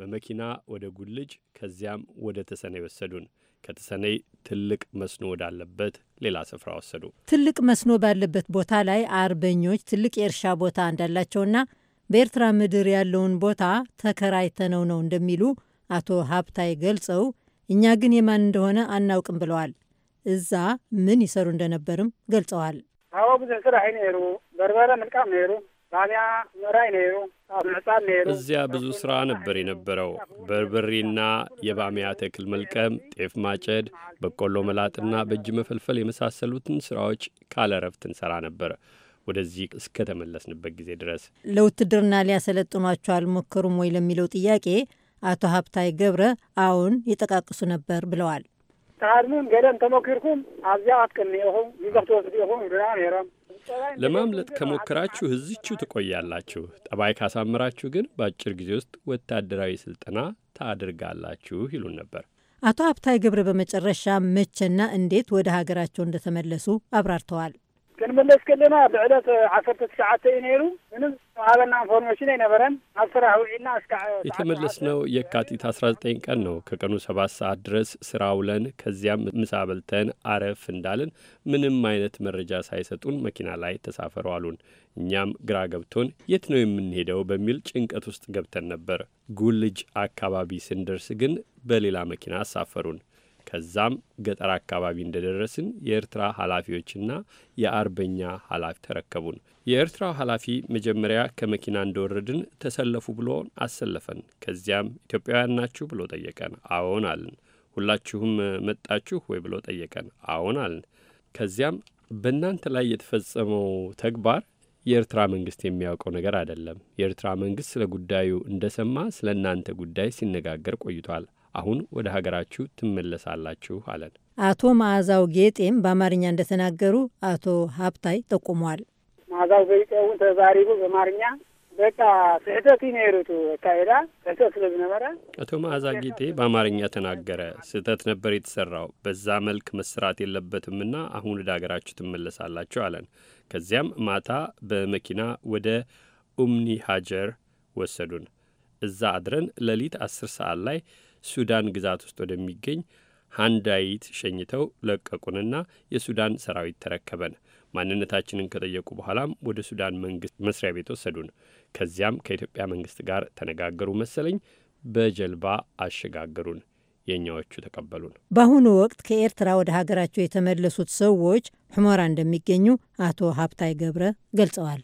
በመኪና ወደ ጉልጅ ከዚያም ወደ ተሰነይ ወሰዱን። ከተሰነይ ትልቅ መስኖ ወዳለበት ሌላ ስፍራ ወሰዱ። ትልቅ መስኖ ባለበት ቦታ ላይ አርበኞች ትልቅ የእርሻ ቦታ እንዳላቸውና በኤርትራ ምድር ያለውን ቦታ ተከራይተነው ነው እንደሚሉ አቶ ሀብታይ ገልጸው፣ እኛ ግን የማን እንደሆነ አናውቅም ብለዋል። እዛ ምን ይሰሩ እንደነበርም ገልጸዋል። አዎ ብዙ ስራሕ ነይሩ፣ በርበረ ምልቃም ነይሩ፣ ባልያ ምራይ ነይሩ፣ ኣብ ነይሩ። እዚያ ብዙ ስራ ነበር የነበረው። በርበሬና የባሚያ ተክል መልቀም፣ ጤፍ ማጨድ፣ በቆሎ መላጥና በእጅ መፈልፈል የመሳሰሉትን ስራዎች ካለረፍት እንሰራ ነበር። ወደዚህ እስከተመለስንበት ጊዜ ድረስ ለውትድርና ሊያሰለጥኗቸው አልሞከሩም ወይ ለሚለው ጥያቄ አቶ ሀብታይ ገብረ አሁን ይጠቃቅሱ ነበር ብለዋል። ታድሙን ገለን ተሞኪርኩም ኣብዚያ ኣትቅኒ ኢኹም ይዘክትወስድ ሁም ድና ነረም ለማምለጥ ከሞከራችሁ እዚችው ትቆያላችሁ። ጠባይ ካሳምራችሁ ግን በአጭር ጊዜ ውስጥ ወታደራዊ ስልጠና ታድርጋላችሁ ይሉን ነበር። አቶ ሀብታይ ገብረ በመጨረሻ መቼና እንዴት ወደ ሀገራቸው እንደተመለሱ አብራርተዋል። ክንመለስ ከለና ብዕለት ዓሰርተ ትሽዓተ እዩ ነይሩ ምንም ሃበና ኢንፎርሜሽን ኣይነበረን ኣብ ስራሕ ውዒልና እስካዕ የተመለስነው የካቲት አስራ ዘጠኝ ቀን ነው። ከቀኑ ሰባት ሰዓት ድረስ ስራ ውለን ከዚያም ምሳ በልተን አረፍ እንዳልን ምንም አይነት መረጃ ሳይሰጡን መኪና ላይ ተሳፈሩ አሉን። እኛም ግራ ገብቶን የት ነው የምንሄደው በሚል ጭንቀት ውስጥ ገብተን ነበር። ጉልጅ አካባቢ ስንደርስ ግን በሌላ መኪና አሳፈሩን። ከዛም ገጠር አካባቢ እንደደረስን የኤርትራ ኃላፊዎችና የአርበኛ ኃላፊ ተረከቡን። የኤርትራው ኃላፊ መጀመሪያ ከመኪና እንደወረድን ተሰለፉ ብሎ አሰለፈን። ከዚያም ኢትዮጵያውያን ናችሁ ብሎ ጠየቀን። አዎን አልን። ሁላችሁም መጣችሁ ወይ ብሎ ጠየቀን። አዎን አልን። ከዚያም በእናንተ ላይ የተፈጸመው ተግባር የኤርትራ መንግስት የሚያውቀው ነገር አይደለም። የኤርትራ መንግስት ስለ ጉዳዩ እንደሰማ ስለ እናንተ ጉዳይ ሲነጋገር ቆይቷል። አሁን ወደ ሀገራችሁ ትመለሳላችሁ አለን። አቶ መዓዛው ጌጤም በአማርኛ እንደተናገሩ አቶ ሀብታይ ጠቁሟል። መዓዛው ጌጤው ተዛሪቡ በአማርኛ በቃ ስህተት ይነሩቱ ካሄዳ ስህተት ስለነበረ አቶ መዓዛ ጌጤ በአማርኛ ተናገረ። ስህተት ነበር የተሰራው። በዛ መልክ መሰራት የለበትምና አሁን ወደ ሀገራችሁ ትመለሳላችሁ አለን። ከዚያም ማታ በመኪና ወደ ኡምኒ ሀጀር ወሰዱን። እዛ አድረን ሌሊት አስር ሰዓት ላይ ሱዳን ግዛት ውስጥ ወደሚገኝ ሃንዳይት ሸኝተው ለቀቁንና የሱዳን ሰራዊት ተረከበን። ማንነታችንን ከጠየቁ በኋላም ወደ ሱዳን መንግስት መስሪያ ቤት ወሰዱን። ከዚያም ከኢትዮጵያ መንግስት ጋር ተነጋገሩ መሰለኝ። በጀልባ አሸጋገሩን። የእኛዎቹ ተቀበሉን። በአሁኑ ወቅት ከኤርትራ ወደ ሀገራቸው የተመለሱት ሰዎች ሑመራ እንደሚገኙ አቶ ሀብታይ ገብረ ገልጸዋል።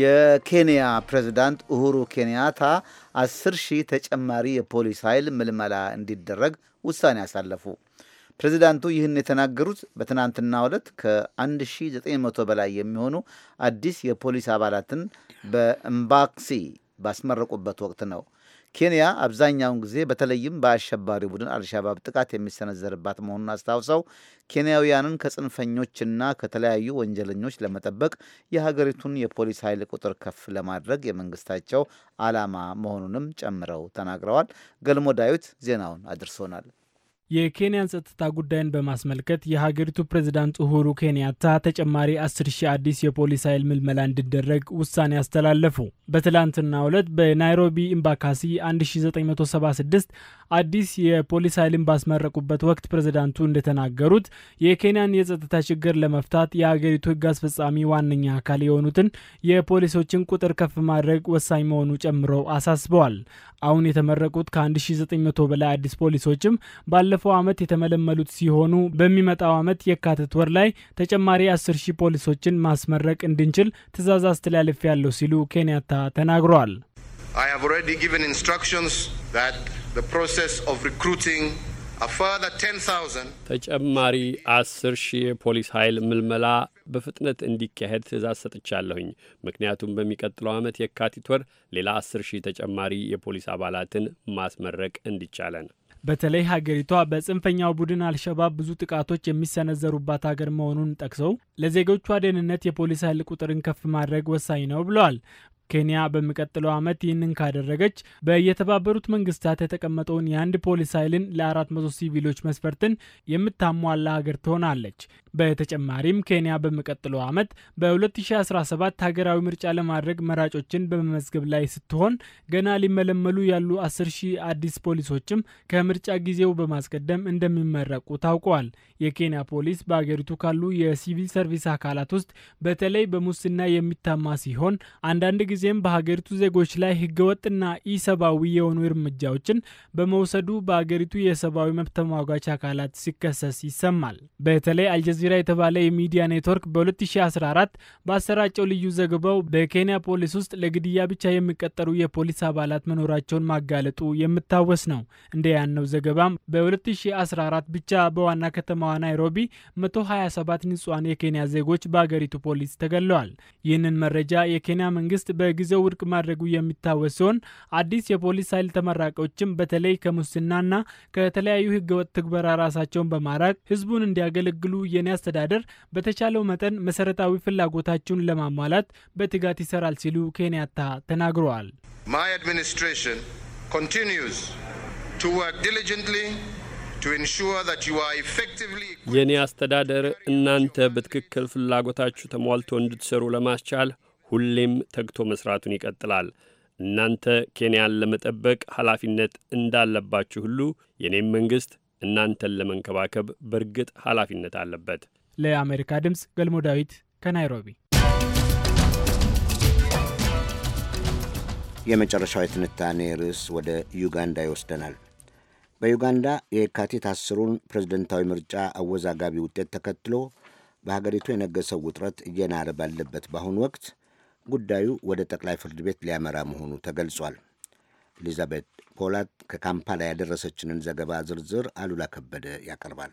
የኬንያ ፕሬዝዳንት ኡሁሩ ኬንያታ አስር ሺህ ተጨማሪ የፖሊስ ኃይል ምልመላ እንዲደረግ ውሳኔ አሳለፉ። ፕሬዚዳንቱ ይህን የተናገሩት በትናንትናው ዕለት ከ1900 በላይ የሚሆኑ አዲስ የፖሊስ አባላትን በእምባክሲ ባስመረቁበት ወቅት ነው። ኬንያ አብዛኛውን ጊዜ በተለይም በአሸባሪ ቡድን አልሻባብ ጥቃት የሚሰነዘርባት መሆኑን አስታውሰው ኬንያውያንን ከጽንፈኞችና ከተለያዩ ወንጀለኞች ለመጠበቅ የሀገሪቱን የፖሊስ ኃይል ቁጥር ከፍ ለማድረግ የመንግስታቸው ዓላማ መሆኑንም ጨምረው ተናግረዋል። ገልሞ ዳዊት ዜናውን አድርሶናል። የኬንያን ጸጥታ ጉዳይን በማስመልከት የሀገሪቱ ፕሬዝዳንት ኡሁሩ ኬንያታ ተጨማሪ 10 ሺህ አዲስ የፖሊስ ኃይል ምልመላ እንዲደረግ ውሳኔ አስተላለፉ። በትላንትናው ዕለት በናይሮቢ ኢምባካሲ 1976 አዲስ የፖሊስ ኃይልን ባስመረቁበት ወቅት ፕሬዝዳንቱ እንደተናገሩት የኬንያን የጸጥታ ችግር ለመፍታት የሀገሪቱ ሕግ አስፈጻሚ ዋነኛ አካል የሆኑትን የፖሊሶችን ቁጥር ከፍ ማድረግ ወሳኝ መሆኑ ጨምረው አሳስበዋል። አሁን የተመረቁት ከ1900 በላይ አዲስ ፖሊሶችም ባለፈው ባለፈው ዓመት የተመለመሉት ሲሆኑ በሚመጣው ዓመት የካቲት ወር ላይ ተጨማሪ አስር ሺህ ፖሊሶችን ማስመረቅ እንድንችል ትዕዛዝ አስተላልፍ ያለው ሲሉ ኬንያታ ተናግረዋል። ተጨማሪ አስር ሺህ የፖሊስ ኃይል ምልመላ በፍጥነት እንዲካሄድ ትእዛዝ ሰጥቻለሁኝ። ምክንያቱም በሚቀጥለው ዓመት የካቲት ወር ሌላ አስር ሺህ ተጨማሪ የፖሊስ አባላትን ማስመረቅ እንዲቻለን በተለይ ሀገሪቷ በጽንፈኛው ቡድን አልሸባብ ብዙ ጥቃቶች የሚሰነዘሩባት ሀገር መሆኑን ጠቅሰው ለዜጎቿ ደህንነት የፖሊስ ኃይል ቁጥርን ከፍ ማድረግ ወሳኝ ነው ብለዋል። ኬንያ በሚቀጥለው ዓመት ይህንን ካደረገች በየተባበሩት መንግስታት የተቀመጠውን የአንድ ፖሊስ ኃይልን ለ400 ሲቪሎች መስፈርትን የምታሟላ ሀገር ትሆናለች። በተጨማሪም ኬንያ በሚቀጥለው ዓመት በ2017 ሀገራዊ ምርጫ ለማድረግ መራጮችን በመመዝገብ ላይ ስትሆን ገና ሊመለመሉ ያሉ 10 ሺህ አዲስ ፖሊሶችም ከምርጫ ጊዜው በማስቀደም እንደሚመረቁ ታውቀዋል። የኬንያ ፖሊስ በአገሪቱ ካሉ የሲቪል ሰርቪስ አካላት ውስጥ በተለይ በሙስና የሚታማ ሲሆን አንዳንድ ጊዜ ጊዜም በሀገሪቱ ዜጎች ላይ ህገወጥና ኢሰብአዊ የሆኑ እርምጃዎችን በመውሰዱ በሀገሪቱ የሰብአዊ መብት ተሟጋች አካላት ሲከሰስ ይሰማል። በተለይ አልጀዚራ የተባለ የሚዲያ ኔትወርክ በ2014 በአሰራጨው ልዩ ዘገባው በኬንያ ፖሊስ ውስጥ ለግድያ ብቻ የሚቀጠሩ የፖሊስ አባላት መኖራቸውን ማጋለጡ የምታወስ ነው። እንደ ያነው ዘገባም በ2014 ብቻ በዋና ከተማዋ ናይሮቢ 127 ንጹሐን የኬንያ ዜጎች በሀገሪቱ ፖሊስ ተገለዋል። ይህንን መረጃ የኬንያ መንግስት በ በጊዜው ውድቅ ማድረጉ የሚታወስ ሲሆን አዲስ የፖሊስ ኃይል ተመራቂዎችም በተለይ ከሙስናና ከተለያዩ ህገወጥ ትግበራ ራሳቸውን በማራቅ ህዝቡን እንዲያገለግሉ የኔ አስተዳደር በተቻለው መጠን መሰረታዊ ፍላጎታችሁን ለማሟላት በትጋት ይሰራል ሲሉ ኬንያታ ተናግረዋል። My administration continues to work የእኔ አስተዳደር እናንተ በትክክል ፍላጎታችሁ ተሟልቶ እንድትሰሩ ለማስቻል ሁሌም ተግቶ መስራቱን ይቀጥላል። እናንተ ኬንያን ለመጠበቅ ኃላፊነት እንዳለባችሁ ሁሉ የኔም መንግሥት እናንተን ለመንከባከብ በእርግጥ ኃላፊነት አለበት። ለአሜሪካ ድምፅ ገልሞ ዳዊት ከናይሮቢ። የመጨረሻው የትንታኔ ርዕስ ወደ ዩጋንዳ ይወስደናል። በዩጋንዳ የካቲት አስሩን ፕሬዝደንታዊ ምርጫ አወዛጋቢ ውጤት ተከትሎ በሀገሪቱ የነገሰው ውጥረት እየናረ ባለበት በአሁኑ ወቅት ጉዳዩ ወደ ጠቅላይ ፍርድ ቤት ሊያመራ መሆኑ ተገልጿል። ኤሊዛቤት ፖላት ከካምፓላ ያደረሰችንን ዘገባ ዝርዝር አሉላ ከበደ ያቀርባል።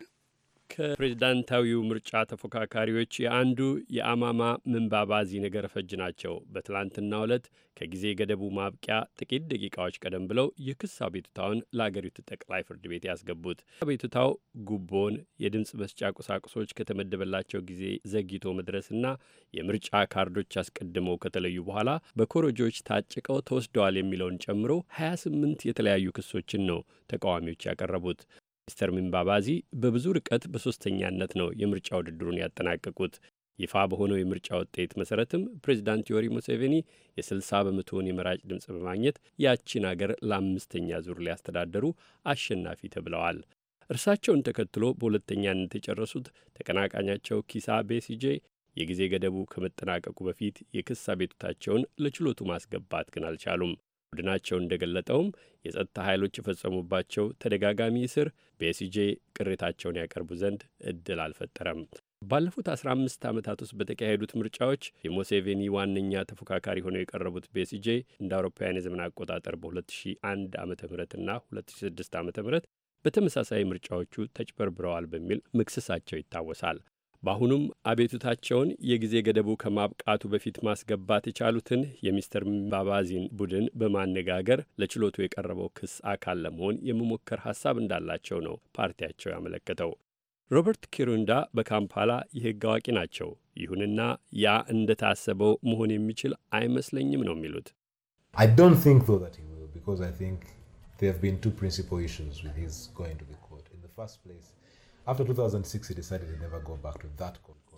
ከፕሬዝዳንታዊው ምርጫ ተፎካካሪዎች የአንዱ የአማማ ምንባባዚ ነገር ፈጅ ናቸው። በትላንትናው ዕለት ከጊዜ ገደቡ ማብቂያ ጥቂት ደቂቃዎች ቀደም ብለው የክስ አቤቱታውን ለአገሪቱ ጠቅላይ ፍርድ ቤት ያስገቡት። አቤቱታው ጉቦን፣ የድምፅ መስጫ ቁሳቁሶች ከተመደበላቸው ጊዜ ዘግይቶ መድረስና የምርጫ ካርዶች አስቀድመው ከተለዩ በኋላ በኮረጆች ታጭቀው ተወስደዋል የሚለውን ጨምሮ 28 የተለያዩ ክሶችን ነው ተቃዋሚዎች ያቀረቡት። ሚስተር ሚንባባዚ በብዙ ርቀት በሦስተኛነት ነው የምርጫ ውድድሩን ያጠናቀቁት። ይፋ በሆነው የምርጫ ውጤት መሠረትም ፕሬዚዳንት ዮሪ ሙሴቬኒ የ60 በመቶውን የመራጭ ድምፅ በማግኘት ያቺን አገር ለአምስተኛ ዙር ሊያስተዳደሩ አሸናፊ ተብለዋል። እርሳቸውን ተከትሎ በሁለተኛነት የጨረሱት ተቀናቃኛቸው ኪሳ ቤሲጄ የጊዜ ገደቡ ከመጠናቀቁ በፊት የክስ አቤቱታቸውን ለችሎቱ ማስገባት ግን አልቻሉም። ቡድናቸው እንደገለጠውም የጸጥታ ኃይሎች የፈጸሙባቸው ተደጋጋሚ እስር በኤሲጄ ቅሬታቸውን ያቀርቡ ዘንድ እድል አልፈጠረም። ባለፉት 15 ዓመታት ውስጥ በተካሄዱት ምርጫዎች የሙሴቬኒ ዋነኛ ተፎካካሪ ሆነው የቀረቡት ቤሲጄ እንደ አውሮፓውያን የዘመን አቆጣጠር በ2001 ዓ ምና 2006 ዓ ም በተመሳሳይ ምርጫዎቹ ተጭበርብረዋል በሚል መክሰሳቸው ይታወሳል። በአሁኑም አቤቱታቸውን የጊዜ ገደቡ ከማብቃቱ በፊት ማስገባት የቻሉትን የሚስተር ምባባዚን ቡድን በማነጋገር ለችሎቱ የቀረበው ክስ አካል ለመሆን የመሞከር ሀሳብ እንዳላቸው ነው ፓርቲያቸው ያመለከተው። ሮበርት ኪሩንዳ በካምፓላ የሕግ አዋቂ ናቸው። ይሁንና ያ እንደታሰበው መሆን የሚችል አይመስለኝም ነው የሚሉት።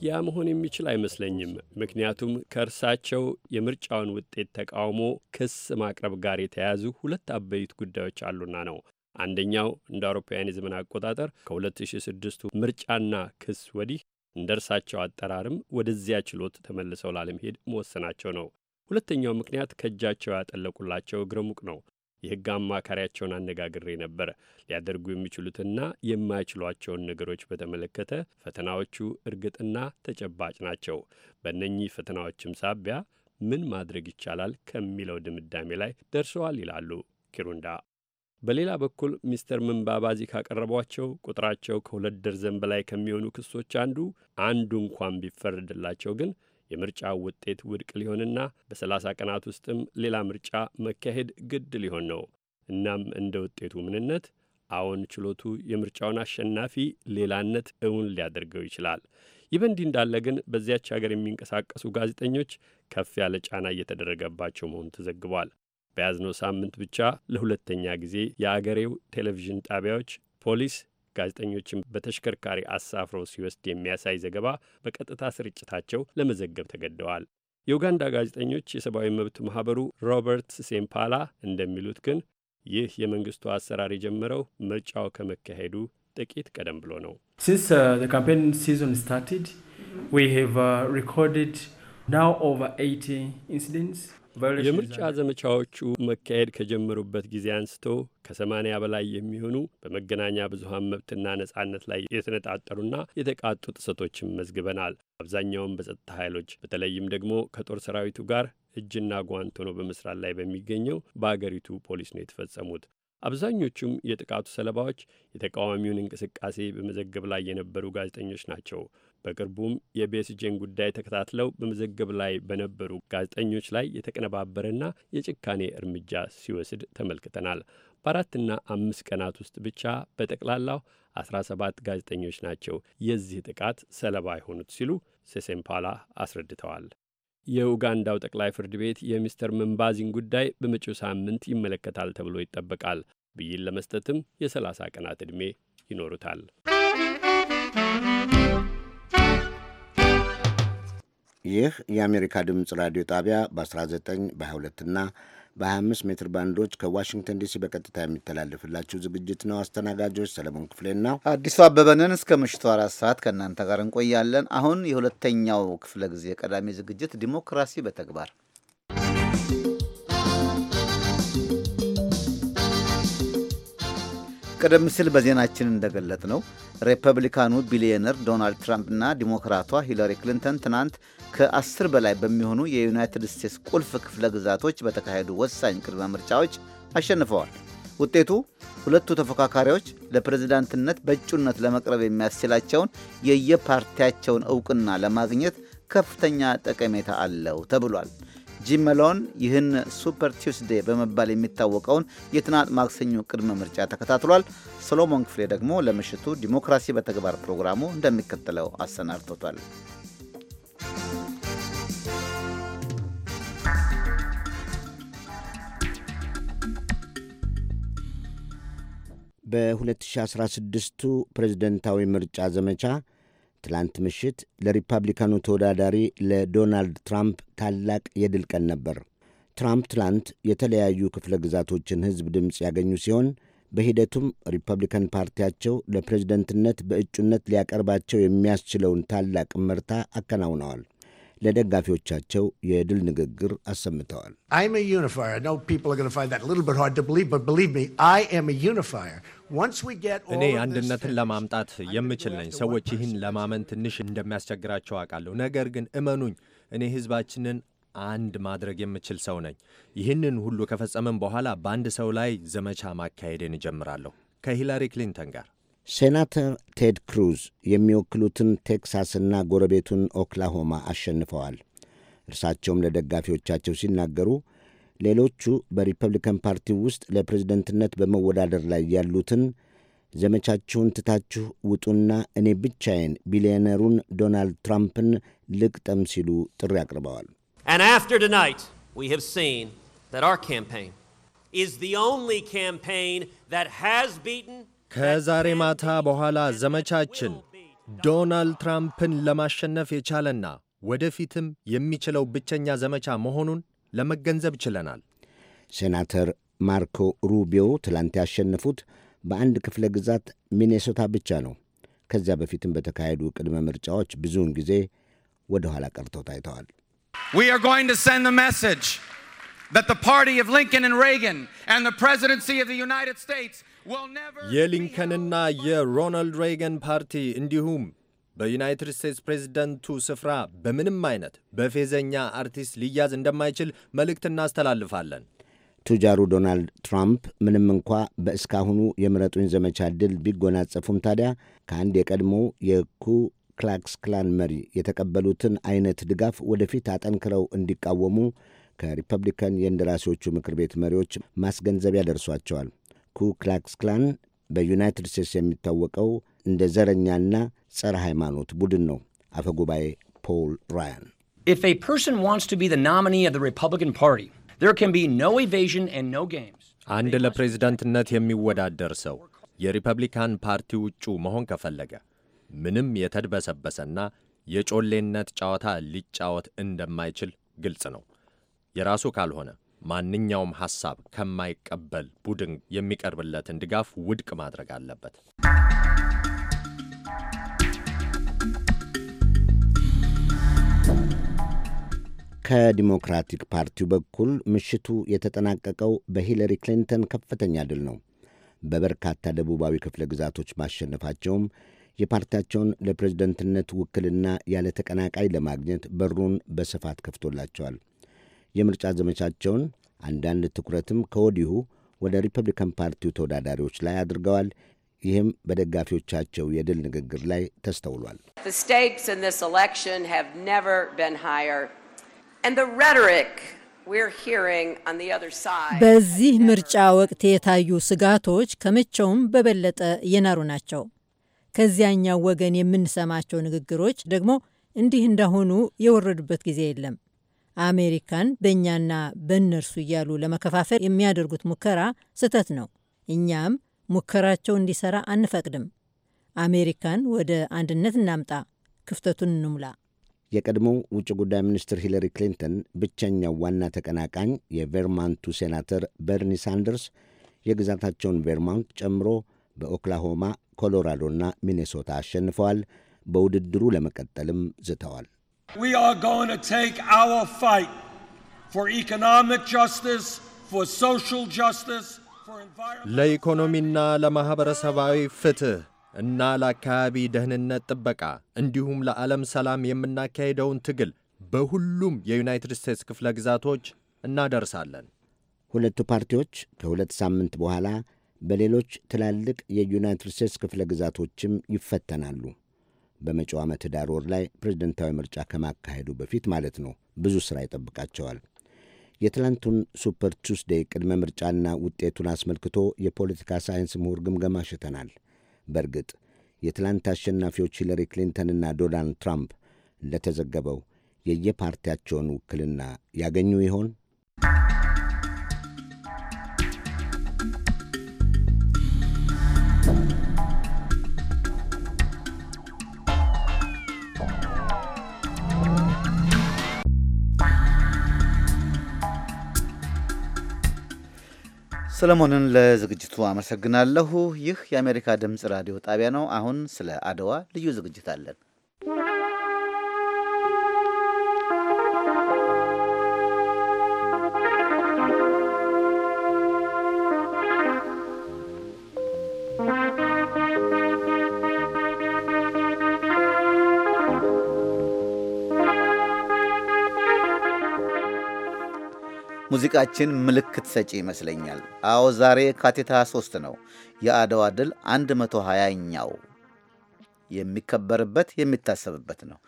ያ መሆን የሚችል አይመስለኝም። ምክንያቱም ከእርሳቸው የምርጫውን ውጤት ተቃውሞ ክስ ማቅረብ ጋር የተያያዙ ሁለት አበይት ጉዳዮች አሉና ነው። አንደኛው እንደ አውሮፓውያን የዘመን አቆጣጠር ከ2006 ምርጫና ክስ ወዲህ እንደ እርሳቸው አጠራርም ወደዚያ ችሎት ተመልሰው ላለመሄድ መወሰናቸው ነው። ሁለተኛው ምክንያት ከእጃቸው ያጠለቁላቸው እግረ ሙቅ ነው። የሕግ አማካሪያቸውን አነጋግሬ ነበር። ሊያደርጉ የሚችሉትና የማይችሏቸውን ነገሮች በተመለከተ ፈተናዎቹ እርግጥና ተጨባጭ ናቸው። በእነኚህ ፈተናዎችም ሳቢያ ምን ማድረግ ይቻላል ከሚለው ድምዳሜ ላይ ደርሰዋል ይላሉ ኪሩንዳ። በሌላ በኩል ሚስተር ምንባባዚ ካቀረቧቸው ቁጥራቸው ከሁለት ደርዘን በላይ ከሚሆኑ ክሶች አንዱ አንዱ እንኳን ቢፈረድላቸው ግን የምርጫው ውጤት ውድቅ ሊሆንና በሰላሳ ቀናት ውስጥም ሌላ ምርጫ መካሄድ ግድ ሊሆን ነው። እናም እንደ ውጤቱ ምንነት አዎን ችሎቱ የምርጫውን አሸናፊ ሌላነት እውን ሊያደርገው ይችላል። ይህ በእንዲህ እንዳለ ግን በዚያች ሀገር የሚንቀሳቀሱ ጋዜጠኞች ከፍ ያለ ጫና እየተደረገባቸው መሆኑ ተዘግቧል። በያዝነው ሳምንት ብቻ ለሁለተኛ ጊዜ የአገሬው ቴሌቪዥን ጣቢያዎች ፖሊስ ጋዜጠኞችን በተሽከርካሪ አሳፍሮ ሲወስድ የሚያሳይ ዘገባ በቀጥታ ስርጭታቸው ለመዘገብ ተገደዋል። የኡጋንዳ ጋዜጠኞች የሰብአዊ መብት ማኅበሩ ሮበርት ሴምፓላ እንደሚሉት ግን ይህ የመንግስቱ አሰራር የጀመረው ምርጫው ከመካሄዱ ጥቂት ቀደም ብሎ ነው። uh, የምርጫ ዘመቻዎቹ መካሄድ ከጀመሩበት ጊዜ አንስቶ ከሰማኒያ በላይ የሚሆኑ በመገናኛ ብዙሀን መብትና ነጻነት ላይ የተነጣጠሩና የተቃጡ ጥሰቶችን መዝግበናል። አብዛኛውን በጸጥታ ኃይሎች በተለይም ደግሞ ከጦር ሰራዊቱ ጋር እጅና ጓንት ሆኖ በመስራት ላይ በሚገኘው በአገሪቱ ፖሊስ ነው የተፈጸሙት። አብዛኞቹም የጥቃቱ ሰለባዎች የተቃዋሚውን እንቅስቃሴ በመዘገብ ላይ የነበሩ ጋዜጠኞች ናቸው። በቅርቡም የቤስጄን ጉዳይ ተከታትለው በመዘገብ ላይ በነበሩ ጋዜጠኞች ላይ የተቀነባበረና የጭካኔ እርምጃ ሲወስድ ተመልክተናል። በአራትና አምስት ቀናት ውስጥ ብቻ በጠቅላላው 17 ጋዜጠኞች ናቸው የዚህ ጥቃት ሰለባ የሆኑት ሲሉ ሴሴምፓላ አስረድተዋል። የኡጋንዳው ጠቅላይ ፍርድ ቤት የሚስተር ምንባዚን ጉዳይ በመጪው ሳምንት ይመለከታል ተብሎ ይጠበቃል። ብይን ለመስጠትም የ30 ቀናት ዕድሜ ይኖሩታል። ይህ የአሜሪካ ድምፅ ራዲዮ ጣቢያ በ19 በ22 እና በ25 ሜትር ባንዶች ከዋሽንግተን ዲሲ በቀጥታ የሚተላለፍላችሁ ዝግጅት ነው። አስተናጋጆች ሰለሞን ክፍሌና አዲሱ አበበንን እስከ ምሽቱ አራት ሰዓት ከእናንተ ጋር እንቆያለን። አሁን የሁለተኛው ክፍለ ጊዜ ቀዳሚ ዝግጅት ዲሞክራሲ በተግባር ቀደም ሲል በዜናችን እንደገለጥ ነው ሪፐብሊካኑ ቢሊዮነር ዶናልድ ትራምፕና ዲሞክራቷ ሂላሪ ክሊንተን ትናንት ከአስር በላይ በሚሆኑ የዩናይትድ ስቴትስ ቁልፍ ክፍለ ግዛቶች በተካሄዱ ወሳኝ ቅድመ ምርጫዎች አሸንፈዋል። ውጤቱ ሁለቱ ተፎካካሪዎች ለፕሬዝዳንትነት በእጩነት ለመቅረብ የሚያስችላቸውን የየፓርቲያቸውን እውቅና ለማግኘት ከፍተኛ ጠቀሜታ አለው ተብሏል። ጂም መሎን ይህን ሱፐር ቲውስዴ በመባል የሚታወቀውን የትናንት ማክሰኞ ቅድመ ምርጫ ተከታትሏል። ሰሎሞን ክፍሌ ደግሞ ለምሽቱ ዲሞክራሲ በተግባር ፕሮግራሙ እንደሚከተለው አሰናድቶቷል። በ2016ቱ ፕሬዝደንታዊ ምርጫ ዘመቻ ትላንት ምሽት ለሪፐብሊካኑ ተወዳዳሪ ለዶናልድ ትራምፕ ታላቅ የድል ቀን ነበር። ትራምፕ ትላንት የተለያዩ ክፍለ ግዛቶችን ሕዝብ ድምፅ ያገኙ ሲሆን በሂደቱም ሪፐብሊካን ፓርቲያቸው ለፕሬዝደንትነት በእጩነት ሊያቀርባቸው የሚያስችለውን ታላቅ ምርታ አከናውነዋል። ለደጋፊዎቻቸው የድል ንግግር አሰምተዋል። እኔ አንድነትን ለማምጣት የምችል ነኝ። ሰዎች ይህን ለማመን ትንሽ እንደሚያስቸግራቸው አውቃለሁ። ነገር ግን እመኑኝ፣ እኔ ሕዝባችንን አንድ ማድረግ የምችል ሰው ነኝ። ይህንን ሁሉ ከፈጸምን በኋላ በአንድ ሰው ላይ ዘመቻ ማካሄድን እጀምራለሁ ከሂላሪ ክሊንተን ጋር ሴናተር ቴድ ክሩዝ የሚወክሉትን ቴክሳስና ጎረቤቱን ኦክላሆማ አሸንፈዋል። እርሳቸውም ለደጋፊዎቻቸው ሲናገሩ ሌሎቹ በሪፐብሊካን ፓርቲ ውስጥ ለፕሬዝደንትነት በመወዳደር ላይ ያሉትን ዘመቻችሁን ትታችሁ ውጡና እኔ ብቻዬን ቢሊዮነሩን ዶናልድ ትራምፕን ልቅጠም ሲሉ ጥሪ አቅርበዋል። that our campaign is the only ከዛሬ ማታ በኋላ ዘመቻችን ዶናልድ ትራምፕን ለማሸነፍ የቻለና ወደፊትም የሚችለው ብቸኛ ዘመቻ መሆኑን ለመገንዘብ ችለናል። ሴናተር ማርኮ ሩቢዮ ትላንት ያሸነፉት በአንድ ክፍለ ግዛት ሚኔሶታ ብቻ ነው። ከዚያ በፊትም በተካሄዱ ቅድመ ምርጫዎች ብዙውን ጊዜ ወደ ኋላ ቀርተው ታይተዋል። ሊንከን የሊንከንና የሮናልድ ሬገን ፓርቲ እንዲሁም በዩናይትድ ስቴትስ ፕሬዚደንቱ ስፍራ በምንም አይነት በፌዘኛ አርቲስት ሊያዝ እንደማይችል መልእክት እናስተላልፋለን። ቱጃሩ ዶናልድ ትራምፕ ምንም እንኳ በእስካሁኑ የምረጡኝ ዘመቻ ድል ቢጎናጸፉም ታዲያ ከአንድ የቀድሞው የኩ ክላክስ ክላን መሪ የተቀበሉትን አይነት ድጋፍ ወደፊት አጠንክረው እንዲቃወሙ ከሪፐብሊካን የእንደራሴዎቹ ምክር ቤት መሪዎች ማስገንዘቢያ ደርሷቸዋል። ኩክላክስ ክላን በዩናይትድ ስቴትስ የሚታወቀው እንደ ዘረኛና ጸረ ሃይማኖት ቡድን ነው። አፈ ጉባኤ ፖል ራያን አንድ ለፕሬዝዳንትነት የሚወዳደር ሰው የሪፐብሊካን ፓርቲ ውጩ መሆን ከፈለገ ምንም የተድበሰበሰና የጮሌነት ጨዋታ ሊጫወት እንደማይችል ግልጽ ነው። የራሱ ካልሆነ ማንኛውም ሐሳብ ከማይቀበል ቡድን የሚቀርብለትን ድጋፍ ውድቅ ማድረግ አለበት። ከዲሞክራቲክ ፓርቲው በኩል ምሽቱ የተጠናቀቀው በሂለሪ ክሊንተን ከፍተኛ ድል ነው። በበርካታ ደቡባዊ ክፍለ ግዛቶች ማሸነፋቸውም የፓርቲያቸውን ለፕሬዝደንትነት ውክልና ያለ ተቀናቃይ ለማግኘት በሩን በስፋት ከፍቶላቸዋል። የምርጫ ዘመቻቸውን አንዳንድ ትኩረትም ከወዲሁ ወደ ሪፐብሊካን ፓርቲው ተወዳዳሪዎች ላይ አድርገዋል። ይህም በደጋፊዎቻቸው የድል ንግግር ላይ ተስተውሏል። በዚህ ምርጫ ወቅት የታዩ ስጋቶች ከመቼውም በበለጠ የናሩ ናቸው። ከዚያኛው ወገን የምንሰማቸው ንግግሮች ደግሞ እንዲህ እንደሆኑ የወረዱበት ጊዜ የለም። አሜሪካን በእኛና በእነርሱ እያሉ ለመከፋፈል የሚያደርጉት ሙከራ ስህተት ነው። እኛም ሙከራቸው እንዲሰራ አንፈቅድም። አሜሪካን ወደ አንድነት እናምጣ፣ ክፍተቱን እንሙላ። የቀድሞው ውጭ ጉዳይ ሚኒስትር ሂለሪ ክሊንተን ብቸኛው ዋና ተቀናቃኝ የቬርማንቱ ሴናተር በርኒ ሳንደርስ የግዛታቸውን ቬርማንት ጨምሮ በኦክላሆማ ኮሎራዶና ሚኔሶታ አሸንፈዋል። በውድድሩ ለመቀጠልም ዝተዋል። We are going to take our fight for economic justice, for social justice, ለኢኮኖሚና ለማኅበረሰባዊ እና ለአካባቢ ደህንነት ጥበቃ እንዲሁም ለዓለም ሰላም የምናካሄደውን ትግል በሁሉም የዩናይትድ ስቴትስ ክፍለ ግዛቶች እናደርሳለን። ሁለቱ ፓርቲዎች ከሁለት ሳምንት በኋላ በሌሎች ትላልቅ የዩናይትድ ስቴትስ ክፍለ ግዛቶችም ይፈተናሉ። በመጪው ዓመት ዳር ወር ላይ ፕሬዝደንታዊ ምርጫ ከማካሄዱ በፊት ማለት ነው። ብዙ ሥራ ይጠብቃቸዋል። የትላንቱን ሱፐር ቱስዴይ ቅድመ ምርጫና ውጤቱን አስመልክቶ የፖለቲካ ሳይንስ ምሁር ግምገማ ሽተናል። በእርግጥ የትላንት አሸናፊዎች ሂለሪ ክሊንተንና ዶናልድ ትራምፕ እንደተዘገበው የየፓርቲያቸውን ውክልና ያገኙ ይሆን? ሰለሞንን ለዝግጅቱ አመሰግናለሁ። ይህ የአሜሪካ ድምፅ ራዲዮ ጣቢያ ነው። አሁን ስለ አድዋ ልዩ ዝግጅት አለን። ሙዚቃችን ምልክት ሰጪ ይመስለኛል። አዎ ዛሬ የካቲት 23 ነው፣ የአድዋ ድል 120ኛው የሚከበርበት የሚታሰብበት ነው።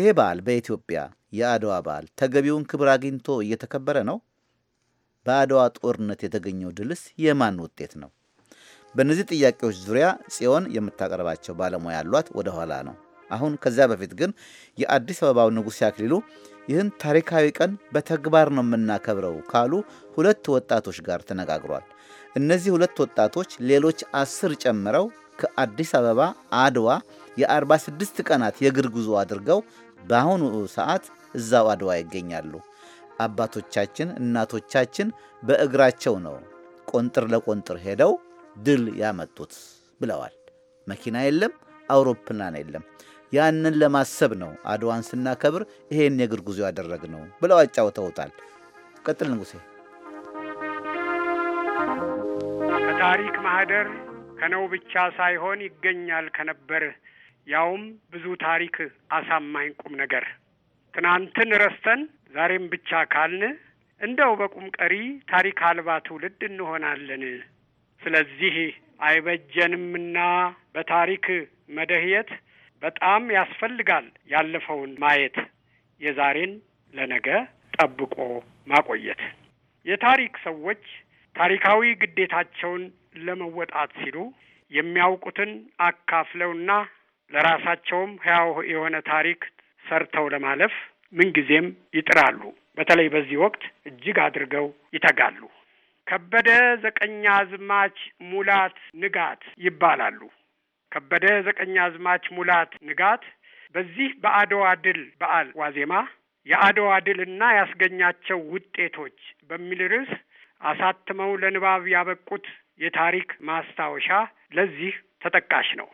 ይሄ በዓል በኢትዮጵያ የአድዋ በዓል ተገቢውን ክብር አግኝቶ እየተከበረ ነው? በአድዋ ጦርነት የተገኘው ድልስ የማን ውጤት ነው? በእነዚህ ጥያቄዎች ዙሪያ ጽዮን የምታቀርባቸው ባለሙያ ያሏት ወደ ኋላ ነው። አሁን ከዚያ በፊት ግን የአዲስ አበባው ንጉሥ ያክሊሉ ይህን ታሪካዊ ቀን በተግባር ነው የምናከብረው ካሉ ሁለት ወጣቶች ጋር ተነጋግሯል። እነዚህ ሁለት ወጣቶች ሌሎች አስር ጨምረው ከአዲስ አበባ አድዋ የ46 ቀናት የእግር ጉዞ አድርገው በአሁኑ ሰዓት እዛው አድዋ ይገኛሉ። አባቶቻችን፣ እናቶቻችን በእግራቸው ነው ቆንጥር ለቆንጥር ሄደው ድል ያመጡት ብለዋል። መኪና የለም፣ አውሮፕላን የለም። ያንን ለማሰብ ነው አድዋን ስናከብር ይሄን የእግር ጉዞ ያደረግ ነው ብለው አጫውተውታል። ቀጥል ንጉሴ። ከታሪክ ማህደር ከነው ብቻ ሳይሆን ይገኛል ከነበር ያውም ብዙ ታሪክ አሳማኝ ቁም ነገር ትናንትን ረስተን ዛሬም ብቻ ካልን እንደው በቁም ቀሪ ታሪክ አልባ ትውልድ እንሆናለን። ስለዚህ አይበጀንምና በታሪክ መደህየት በጣም ያስፈልጋል ያለፈውን ማየት፣ የዛሬን ለነገ ጠብቆ ማቆየት። የታሪክ ሰዎች ታሪካዊ ግዴታቸውን ለመወጣት ሲሉ የሚያውቁትን አካፍለውና ለራሳቸውም ሕያው የሆነ ታሪክ ሰርተው ለማለፍ ምንጊዜም ይጥራሉ። በተለይ በዚህ ወቅት እጅግ አድርገው ይተጋሉ። ከበደ ዘቀኛ አዝማች ሙላት ንጋት ይባላሉ። ከበደ ዘቀኛ አዝማች ሙላት ንጋት በዚህ በአድዋ ድል በዓል ዋዜማ የአድዋ ድልና ያስገኛቸው ውጤቶች በሚል ርዕስ አሳትመው ለንባብ ያበቁት የታሪክ ማስታወሻ ለዚህ ተጠቃሽ ነው።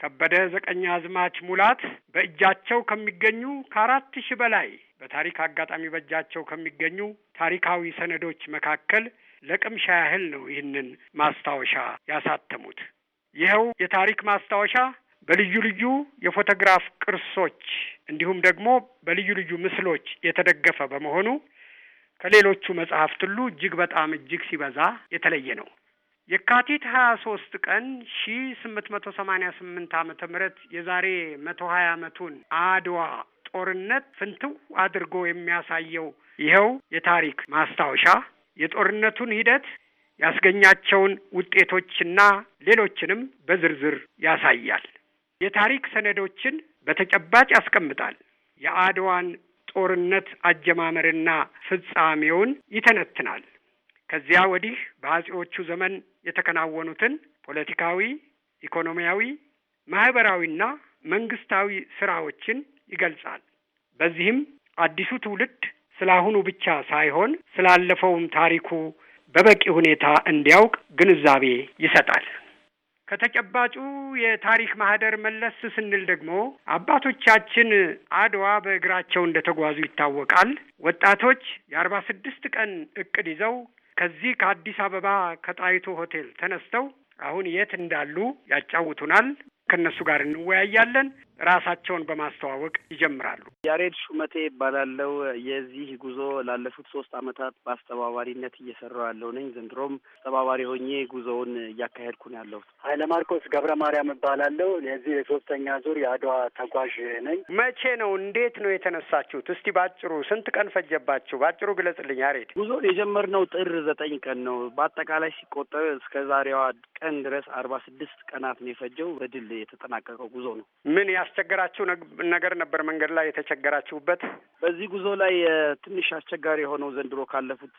ከበደ ዘቀኛ አዝማች ሙላት በእጃቸው ከሚገኙ ከአራት ሺህ በላይ በታሪክ አጋጣሚ በእጃቸው ከሚገኙ ታሪካዊ ሰነዶች መካከል ለቅምሻ ያህል ነው ይህንን ማስታወሻ ያሳተሙት። ይኸው የታሪክ ማስታወሻ በልዩ ልዩ የፎቶግራፍ ቅርሶች እንዲሁም ደግሞ በልዩ ልዩ ምስሎች የተደገፈ በመሆኑ ከሌሎቹ መጽሐፍት ሁሉ እጅግ በጣም እጅግ ሲበዛ የተለየ ነው። የካቲት ሀያ ሶስት ቀን ሺ ስምንት መቶ ሰማኒያ ስምንት ዓመተ ምህረት የዛሬ መቶ ሀያ ዓመቱን አድዋ ጦርነት ፍንትው አድርጎ የሚያሳየው ይኸው የታሪክ ማስታወሻ የጦርነቱን ሂደት ያስገኛቸውን ውጤቶችና ሌሎችንም በዝርዝር ያሳያል። የታሪክ ሰነዶችን በተጨባጭ ያስቀምጣል። የአድዋን ጦርነት አጀማመርና ፍጻሜውን ይተነትናል። ከዚያ ወዲህ በአጼዎቹ ዘመን የተከናወኑትን ፖለቲካዊ፣ ኢኮኖሚያዊ፣ ማህበራዊና መንግስታዊ ስራዎችን ይገልጻል። በዚህም አዲሱ ትውልድ ስለ አሁኑ ብቻ ሳይሆን ስላለፈውም ታሪኩ በበቂ ሁኔታ እንዲያውቅ ግንዛቤ ይሰጣል። ከተጨባጩ የታሪክ ማህደር መለስ ስንል ደግሞ አባቶቻችን አድዋ በእግራቸው እንደተጓዙ ይታወቃል። ወጣቶች የአርባ ስድስት ቀን እቅድ ይዘው ከዚህ ከአዲስ አበባ ከጣይቱ ሆቴል ተነስተው አሁን የት እንዳሉ ያጫውቱናል። ከእነሱ ጋር እንወያያለን። ራሳቸውን በማስተዋወቅ ይጀምራሉ። ያሬድ ሹመቴ ይባላለው። የዚህ ጉዞ ላለፉት ሶስት አመታት በአስተባባሪነት እየሰራው ያለው ነኝ። ዘንድሮም አስተባባሪ ሆኜ ጉዞውን እያካሄድኩ ነው ያለሁት። ኃይለ ማርቆስ ገብረ ማርያም ይባላለው። የዚህ የሶስተኛ ዙር የአድዋ ተጓዥ ነኝ። መቼ ነው እንዴት ነው የተነሳችሁት? እስቲ ባጭሩ ስንት ቀን ፈጀባችሁ? ባጭሩ ግለጽልኝ ያሬድ። ጉዞን የጀመርነው ጥር ዘጠኝ ቀን ነው። በአጠቃላይ ሲቆጠር እስከ ዛሬዋ ቀን ድረስ አርባ ስድስት ቀናት ነው የፈጀው። በድል የተጠናቀቀው ጉዞ ነው። ምን ያስ ያስቸገራችሁ ነገር ነበር መንገድ ላይ የተቸገራችሁበት? በዚህ ጉዞ ላይ ትንሽ አስቸጋሪ የሆነው ዘንድሮ ካለፉት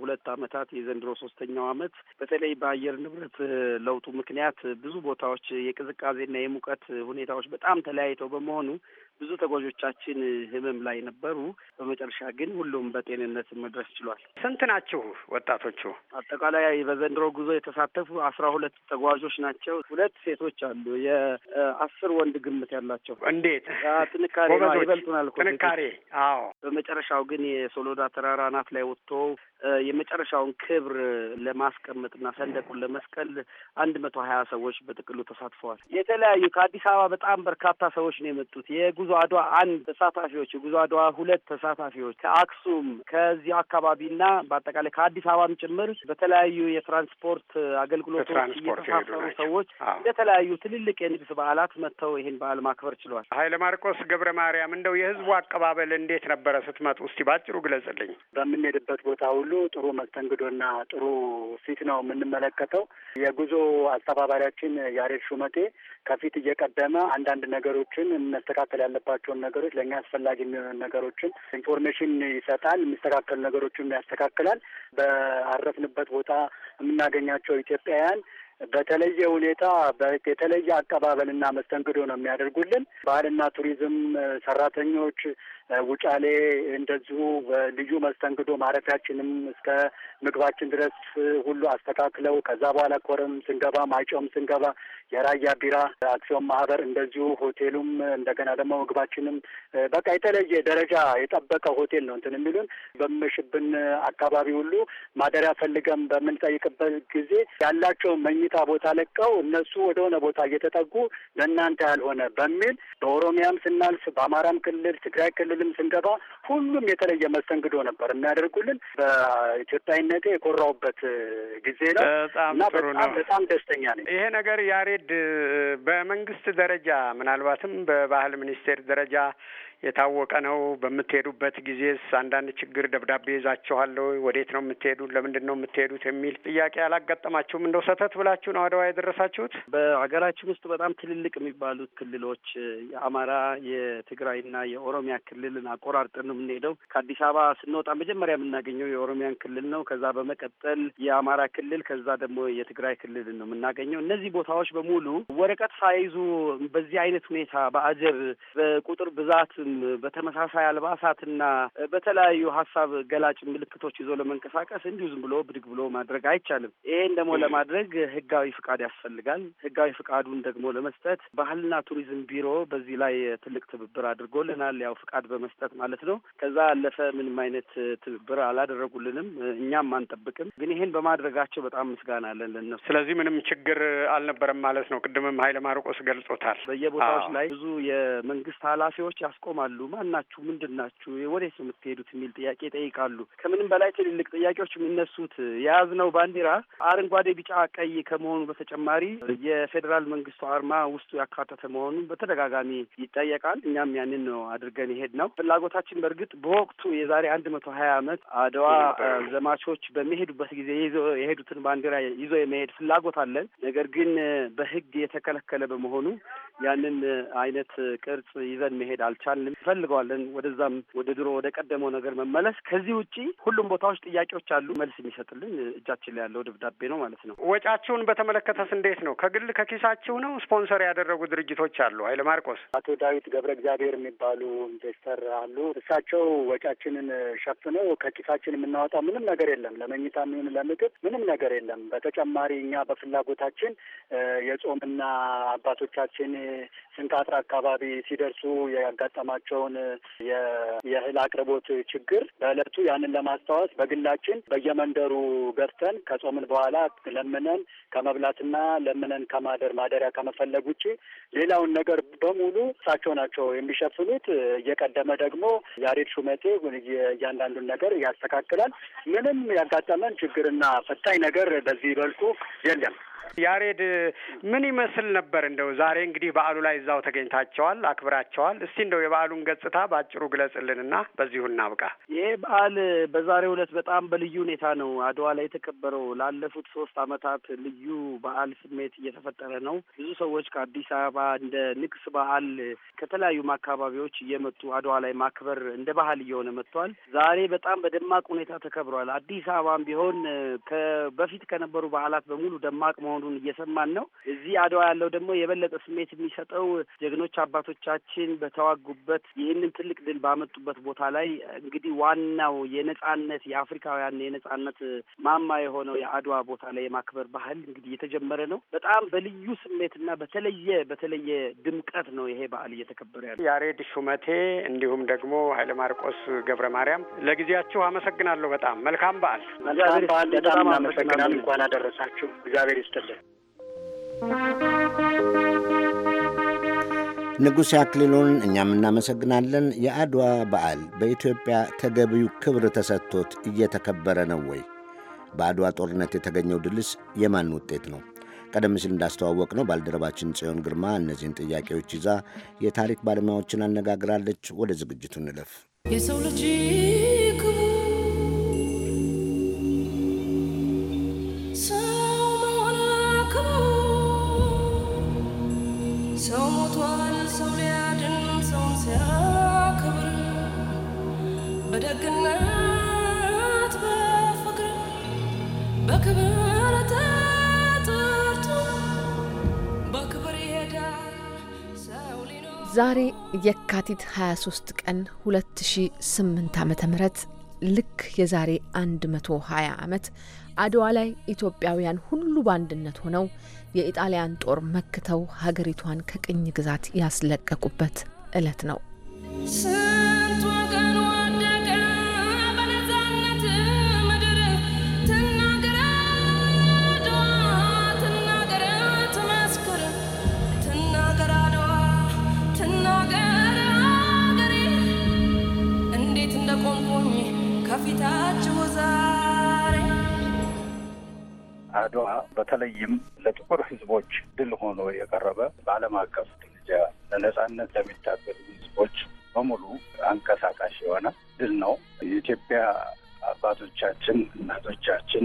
ሁለት አመታት የዘንድሮ ሶስተኛው አመት በተለይ በአየር ንብረት ለውጡ ምክንያት ብዙ ቦታዎች የቅዝቃዜና የሙቀት ሁኔታዎች በጣም ተለያይተው በመሆኑ ብዙ ተጓዦቻችን ህመም ላይ ነበሩ። በመጨረሻ ግን ሁሉም በጤንነት መድረስ ችሏል። ስንት ናችሁ ወጣቶቹ? አጠቃላይ በዘንድሮ ጉዞ የተሳተፉ አስራ ሁለት ተጓዦች ናቸው። ሁለት ሴቶች አሉ። የአስር ወንድ ግምት ያላቸው እንዴት ጥንካሬ ይበልጡናል። ጥንካሬ አዎ። በመጨረሻው ግን የሶሎዳ ተራራ አናት ላይ ወጥቶ የመጨረሻውን ክብር ለማስቀመጥና ሰንደቁን ለመስቀል አንድ መቶ ሀያ ሰዎች በጥቅሉ ተሳትፈዋል። የተለያዩ ከአዲስ አበባ በጣም በርካታ ሰዎች ነው የመጡት የጉዞ ጉዞ አድዋ አንድ ተሳታፊዎች የጉዞ አድዋ ሁለት ተሳታፊዎች ከአክሱም ከዚህ አካባቢና በአጠቃላይ ከአዲስ አበባም ጭምር በተለያዩ የትራንስፖርት አገልግሎቶች እየተሳፈሩ ሰዎች የተለያዩ ትልልቅ የንግስ በዓላት መጥተው ይህን በዓል ማክበር ችሏል። ኃይለ ማርቆስ ገብረ ማርያም፣ እንደው የህዝቡ አቀባበል እንዴት ነበረ ስትመጡ? እስቲ ባጭሩ ግለጽልኝ። በምንሄድበት ቦታ ሁሉ ጥሩ መስተንግዶና ጥሩ ፊት ነው የምንመለከተው። የጉዞ አስተባባሪያችን ያሬድ ሹመቴ ከፊት እየቀደመ አንዳንድ ነገሮችን መስተካከል ያለ ያለባቸውን ነገሮች ለእኛ አስፈላጊ የሚሆኑ ነገሮችን ኢንፎርሜሽን ይሰጣል። የሚስተካከሉ ነገሮችን ያስተካክላል። በአረፍንበት ቦታ የምናገኛቸው ኢትዮጵያውያን በተለየ ሁኔታ የተለየ አቀባበልና መስተንግዶ ነው የሚያደርጉልን። ባህልና ቱሪዝም ሰራተኞች ውጫሌ እንደዚሁ ልዩ መስተንግዶ ማረፊያችንም እስከ ምግባችን ድረስ ሁሉ አስተካክለው ከዛ በኋላ ኮረም ስንገባ ማይጨውም ስንገባ የራያ ቢራ አክሲዮን ማህበር እንደዚሁ ሆቴሉም እንደገና ደግሞ ምግባችንም በቃ የተለየ ደረጃ የጠበቀ ሆቴል ነው እንትን የሚሉን በምሽብን አካባቢ ሁሉ ማደሪያ ፈልገን በምንጠይቅበት ጊዜ ያላቸው መኝታ ቦታ ለቀው እነሱ ወደሆነ ቦታ እየተጠጉ ለእናንተ ያልሆነ በሚል በኦሮሚያም ስናልፍ በአማራም ክልል ትግራይ ክልል ክልል ስንገባ ሁሉም የተለየ መስተንግዶ ነበር የሚያደርጉልን። በኢትዮጵያዊነቴ የኮራውበት ጊዜ ነው እና በጣም በጣም ደስተኛ ነኝ። ይሄ ነገር ያሬድ በመንግስት ደረጃ ምናልባትም በባህል ሚኒስቴር ደረጃ የታወቀ ነው። በምትሄዱበት ጊዜስ አንዳንድ ችግር ደብዳቤ ይዛችኋለሁ? ወዴት ነው የምትሄዱ ለምንድን ነው የምትሄዱት? የሚል ጥያቄ አላጋጠማችሁም? እንደው ሰተት ብላችሁ ነው አድዋ የደረሳችሁት? በሀገራችን ውስጥ በጣም ትልልቅ የሚባሉት ክልሎች የአማራ፣ የትግራይና የኦሮሚያ ክልልን አቆራርጠን ነው የምንሄደው። ከአዲስ አበባ ስንወጣ መጀመሪያ የምናገኘው የኦሮሚያን ክልል ነው። ከዛ በመቀጠል የአማራ ክልል፣ ከዛ ደግሞ የትግራይ ክልልን ነው የምናገኘው። እነዚህ ቦታዎች በሙሉ ወረቀት ሳይዙ በዚህ አይነት ሁኔታ በአጀብ በቁጥር ብዛት በተመሳሳይ አልባሳትና በተለያዩ ሀሳብ ገላጭ ምልክቶች ይዞ ለመንቀሳቀስ እንዲሁ ዝም ብሎ ብድግ ብሎ ማድረግ አይቻልም። ይሄን ደግሞ ለማድረግ ህጋዊ ፍቃድ ያስፈልጋል። ህጋዊ ፍቃዱን ደግሞ ለመስጠት ባህልና ቱሪዝም ቢሮ በዚህ ላይ ትልቅ ትብብር አድርጎልናል። ያው ፍቃድ በመስጠት ማለት ነው። ከዛ ያለፈ ምንም አይነት ትብብር አላደረጉልንም፣ እኛም አንጠብቅም። ግን ይሄን በማድረጋቸው በጣም ምስጋና አለን ለነሱ። ስለዚህ ምንም ችግር አልነበረም ማለት ነው። ቅድምም ሀይለ ማርቆስ ገልጾታል። በየቦታዎች ላይ ብዙ የመንግስት ኃላፊዎች ያስቆማል ያቆማሉ። ማናችሁ? ምንድን ናችሁ? ወዴት ነው የምትሄዱት? የሚል ጥያቄ ይጠይቃሉ። ከምንም በላይ ትልልቅ ጥያቄዎች የሚነሱት የያዝነው ባንዲራ አረንጓዴ፣ ቢጫ፣ ቀይ ከመሆኑ በተጨማሪ የፌዴራል መንግስቱ አርማ ውስጡ ያካተተ መሆኑን በተደጋጋሚ ይጠየቃል። እኛም ያንን ነው አድርገን ይሄድ ነው ፍላጎታችን። በእርግጥ በወቅቱ የዛሬ አንድ መቶ ሀያ ዓመት አድዋ ዘማቾች በሚሄዱበት ጊዜ የሄዱትን ባንዲራ ይዞ የመሄድ ፍላጎት አለን። ነገር ግን በህግ የተከለከለ በመሆኑ ያንን አይነት ቅርጽ ይዘን መሄድ አልቻልንም። እንፈልገዋለን ወደዛም ወደ ድሮ ወደ ቀደመው ነገር መመለስ። ከዚህ ውጪ ሁሉም ቦታዎች ጥያቄዎች አሉ። መልስ የሚሰጥልን እጃችን ላይ ያለው ደብዳቤ ነው ማለት ነው። ወጫችሁን በተመለከተስ እንዴት ነው? ከግል ከኪሳችሁ ነው? ስፖንሰር ያደረጉ ድርጅቶች አሉ? ኃይለ ማርቆስ፣ አቶ ዳዊት ገብረ እግዚአብሔር የሚባሉ ኢንቨስተር አሉ። እሳቸው ወጫችንን ሸፍነው ከኪሳችን የምናወጣው ምንም ነገር የለም። ለመኝታ የሚሆን ለምግብ ምንም ነገር የለም። በተጨማሪ እኛ በፍላጎታችን የጾምና አባቶቻችን ስንታትራ አካባቢ ሲደርሱ ያጋጠማቸውን የእህል አቅርቦት ችግር በእለቱ ያንን ለማስታወስ በግላችን በየመንደሩ ገብተን ከጾምን በኋላ ለምነን ከመብላትና ለምነን ከማደር ማደሪያ ከመፈለግ ውጪ ሌላውን ነገር በሙሉ እሳቸው ናቸው የሚሸፍኑት። እየቀደመ ደግሞ ያሬድ ሹመቴ እያንዳንዱን ነገር ያስተካክላል። ምንም ያጋጠመን ችግርና ፈታኝ ነገር በዚህ በልኩ የለም። ያሬድ ምን ይመስል ነበር? እንደው ዛሬ እንግዲህ በዓሉ ላይ እዛው ተገኝታቸዋል፣ አክብራቸዋል። እስቲ እንደው የበዓሉን ገጽታ በአጭሩ ግለጽልንና በዚሁ እናብቃ። ይሄ በዓል በዛሬው ዕለት በጣም በልዩ ሁኔታ ነው አድዋ ላይ የተከበረው። ላለፉት ሶስት ዓመታት ልዩ በዓል ስሜት እየተፈጠረ ነው። ብዙ ሰዎች ከአዲስ አበባ እንደ ንግስ በዓል ከተለያዩ አካባቢዎች እየመጡ አድዋ ላይ ማክበር እንደ ባህል እየሆነ መጥቷል። ዛሬ በጣም በደማቅ ሁኔታ ተከብሯል። አዲስ አበባም ቢሆን በፊት ከነበሩ በዓላት በሙሉ ደማቅ መሆኑን እየሰማን ነው። እዚህ አድዋ ያለው ደግሞ የበለጠ ስሜት የሚሰጠው ጀግኖች አባቶቻችን በተዋጉበት ይህንን ትልቅ ድል ባመጡበት ቦታ ላይ እንግዲህ ዋናው የነጻነት የአፍሪካውያን የነጻነት ማማ የሆነው የአድዋ ቦታ ላይ የማክበር ባህል እንግዲህ እየተጀመረ ነው። በጣም በልዩ ስሜትና በተለየ በተለየ ድምቀት ነው ይሄ በዓል እየተከበረ ያለ። ያሬድ ሹመቴ እንዲሁም ደግሞ ኃይለ ማርቆስ ገብረ ማርያም ለጊዜያችሁ አመሰግናለሁ። በጣም መልካም በዓል። መልካም በዓል። በጣም አመሰግናለሁ። እንኳን አደረሳችሁ። እግዚአብሔር ይስጥ ይስጥልን። ንጉሥ አክሊሉን እኛም እናመሰግናለን። የአድዋ በዓል በኢትዮጵያ ተገቢው ክብር ተሰጥቶት እየተከበረ ነው ወይ? በአድዋ ጦርነት የተገኘው ድልስ የማን ውጤት ነው? ቀደም ሲል እንዳስተዋወቅ ነው ባልደረባችን ጽዮን ግርማ እነዚህን ጥያቄዎች ይዛ የታሪክ ባለሙያዎችን አነጋግራለች። ወደ ዝግጅቱ እንለፍ። የሰው ልጅ ዛሬ የካቲት 23 ቀን 2008 ዓ ም ልክ የዛሬ 120 ዓመት አድዋ ላይ ኢትዮጵያውያን ሁሉ በአንድነት ሆነው የኢጣሊያን ጦር መክተው ሀገሪቷን ከቅኝ ግዛት ያስለቀቁበት ዕለት ነው። አድዋ በተለይም ለጥቁር ህዝቦች ድል ሆኖ የቀረበ በዓለም አቀፍ ደረጃ ለነጻነት ለሚታገሉ ህዝቦች በሙሉ አንቀሳቃሽ የሆነ ድል ነው። የኢትዮጵያ አባቶቻችን እናቶቻችን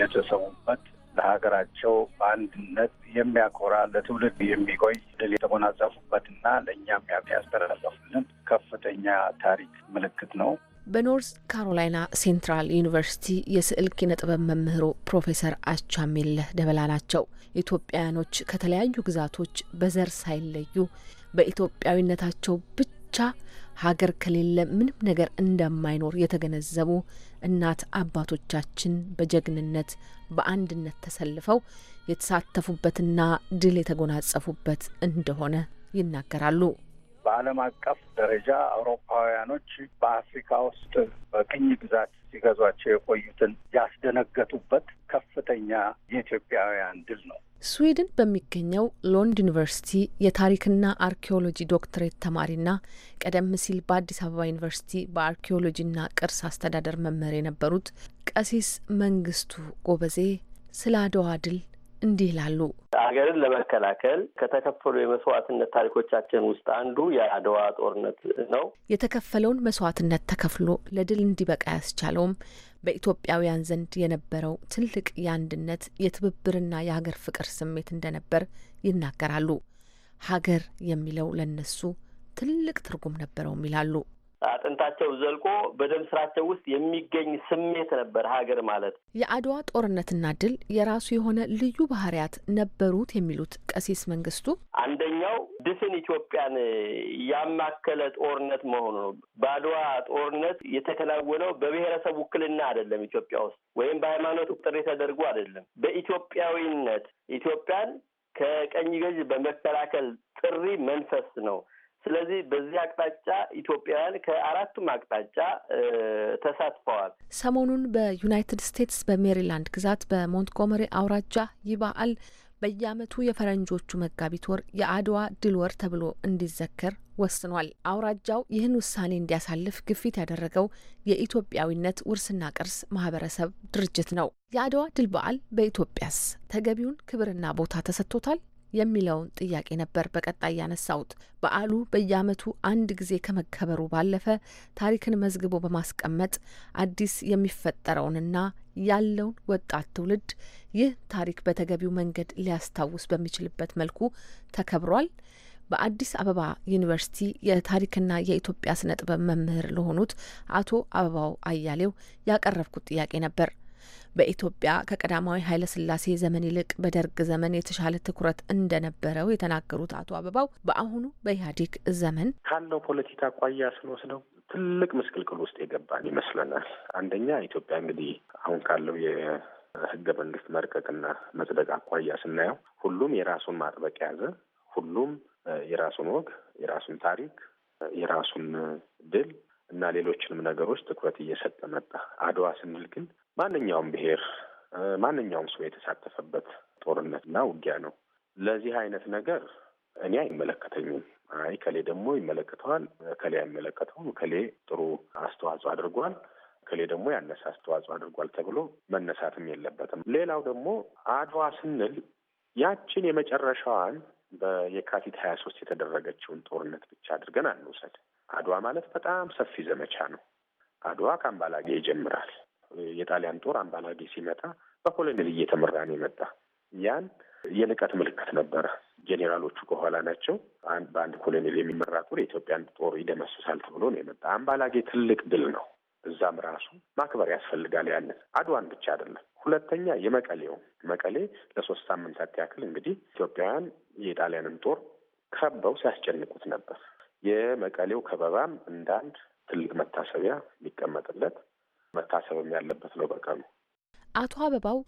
የተሰዉበት ለሀገራቸው በአንድነት የሚያኮራ ለትውልድ የሚቆይ ድል የተጎናጸፉበትና ለእኛም ያስተላለፉልን ከፍተኛ ታሪክ ምልክት ነው። በኖርዝ ካሮላይና ሴንትራል ዩኒቨርሲቲ የስዕል ኪነ ጥበብ መምህሩ ፕሮፌሰር አቻሜለህ ደበላ ናቸው። ኢትዮጵያውያኖች ከተለያዩ ግዛቶች በዘር ሳይለዩ በኢትዮጵያዊነታቸው ብቻ ሀገር ከሌለ ምንም ነገር እንደማይኖር የተገነዘቡ እናት አባቶቻችን በጀግንነት በአንድነት ተሰልፈው የተሳተፉበትና ድል የተጎናጸፉበት እንደሆነ ይናገራሉ። በዓለም አቀፍ ደረጃ አውሮፓውያኖች በአፍሪካ ውስጥ በቅኝ ግዛት ሲገዟቸው የቆዩትን ያስደነገጡበት ከፍተኛ የኢትዮጵያውያን ድል ነው። ስዊድን በሚገኘው ሎንድ ዩኒቨርሲቲ የታሪክና አርኪኦሎጂ ዶክትሬት ተማሪና ቀደም ሲል በአዲስ አበባ ዩኒቨርሲቲ በአርኪኦሎጂና ቅርስ አስተዳደር መምህር የነበሩት ቀሲስ መንግስቱ ጎበዜ ስለ አድዋ ድል እንዲህ ይላሉ። ሀገርን ለመከላከል ከተከፈሉ የመስዋዕትነት ታሪኮቻችን ውስጥ አንዱ የአድዋ ጦርነት ነው። የተከፈለውን መስዋዕትነት ተከፍሎ ለድል እንዲበቃ ያስቻለውም በኢትዮጵያውያን ዘንድ የነበረው ትልቅ የአንድነት የትብብርና የሀገር ፍቅር ስሜት እንደነበር ይናገራሉ። ሀገር የሚለው ለነሱ ትልቅ ትርጉም ነበረውም ይላሉ። አጥንታቸው ዘልቆ በደም ስራቸው ውስጥ የሚገኝ ስሜት ነበር ሀገር ማለት። የአድዋ ጦርነትና ድል የራሱ የሆነ ልዩ ባህሪያት ነበሩት የሚሉት ቀሲስ መንግስቱ አንደኛው ድፍን ኢትዮጵያን ያማከለ ጦርነት መሆኑ ነው። በአድዋ ጦርነት የተከናወነው በብሔረሰብ ውክልና አይደለም፣ ኢትዮጵያ ውስጥ ወይም በሃይማኖት ጥሪ ተደርጎ አይደለም። በኢትዮጵያዊነት ኢትዮጵያን ከቀኝ ገዥ በመከላከል ጥሪ መንፈስ ነው ስለዚህ በዚህ አቅጣጫ ኢትዮጵያውያን ከአራቱም አቅጣጫ ተሳትፈዋል። ሰሞኑን በዩናይትድ ስቴትስ በሜሪላንድ ግዛት በሞንትጎመሪ አውራጃ ይህ በዓል በየዓመቱ የፈረንጆቹ መጋቢት ወር የአድዋ ድል ወር ተብሎ እንዲዘከር ወስኗል። አውራጃው ይህን ውሳኔ እንዲያሳልፍ ግፊት ያደረገው የኢትዮጵያዊነት ውርስና ቅርስ ማህበረሰብ ድርጅት ነው። የአድዋ ድል በዓል በኢትዮጵያስ ተገቢውን ክብርና ቦታ ተሰጥቶታል? የሚለውን ጥያቄ ነበር በቀጣይ ያነሳውት። በዓሉ በየዓመቱ አንድ ጊዜ ከመከበሩ ባለፈ ታሪክን መዝግቦ በማስቀመጥ አዲስ የሚፈጠረውንና ያለውን ወጣት ትውልድ ይህ ታሪክ በተገቢው መንገድ ሊያስታውስ በሚችልበት መልኩ ተከብሯል። በአዲስ አበባ ዩኒቨርሲቲ የታሪክና የኢትዮጵያ ስነ ጥበብ መምህር ለሆኑት አቶ አበባው አያሌው ያቀረብኩት ጥያቄ ነበር። በኢትዮጵያ ከቀዳማዊ ስላሴ ዘመን ይልቅ በደርግ ዘመን የተሻለ ትኩረት እንደነበረው የተናገሩት አቶ አበባው በአሁኑ በኢህአዴግ ዘመን ካለው ፖለቲካ አኳያ ስንወስደው ትልቅ ምስቅልቅል ውስጥ የገባን ይመስለናል። አንደኛ ኢትዮጵያ እንግዲህ አሁን ካለው የህገ መንግስት መርቀቅና መጽደቅ አኳያ ስናየው ሁሉም የራሱን ማጥበቅ የያዘ ሁሉም የራሱን ወግ፣ የራሱን ታሪክ፣ የራሱን ድል እና ሌሎችንም ነገሮች ትኩረት እየሰጠ መጣ። አድዋ ስንል ግን ማንኛውም ብሔር ማንኛውም ሰው የተሳተፈበት ጦርነትና ውጊያ ነው። ለዚህ አይነት ነገር እኔ አይመለከተኝም። አይ ከሌ ደግሞ ይመለከተዋል፣ ከሌ አይመለከተውም፣ ከሌ ጥሩ አስተዋጽኦ አድርጓል፣ ከሌ ደግሞ ያነሰ አስተዋጽኦ አድርጓል ተብሎ መነሳትም የለበትም። ሌላው ደግሞ አድዋ ስንል ያችን የመጨረሻዋን በየካቲት ሀያ ሶስት የተደረገችውን ጦርነት ብቻ አድርገን አንውሰድ። አድዋ ማለት በጣም ሰፊ ዘመቻ ነው። አድዋ ከአምባላጌ ይጀምራል። የጣሊያን ጦር አምባላጌ ሲመጣ በኮሎኔል እየተመራ ነው የመጣ። ያን የንቀት ምልክት ነበረ። ጄኔራሎቹ ከኋላ ናቸው፣ በአንድ ኮሎኔል የሚመራ ጦር የኢትዮጵያን ጦር ይደመስሳል ተብሎ ነው የመጣ። አምባላጌ ትልቅ ድል ነው። እዛም ራሱ ማክበር ያስፈልጋል። ያንን አድዋን ብቻ አይደለም። ሁለተኛ የመቀሌው መቀሌ ለሶስት ሳምንታት ያክል እንግዲህ ኢትዮጵያውያን የጣሊያንን ጦር ከበው ሲያስጨንቁት ነበር። የመቀሌው ከበባም እንዳንድ ትልቅ መታሰቢያ የሚቀመጥለት መታሰብም ያለበት ነው በቀሉ። አቶ አበባው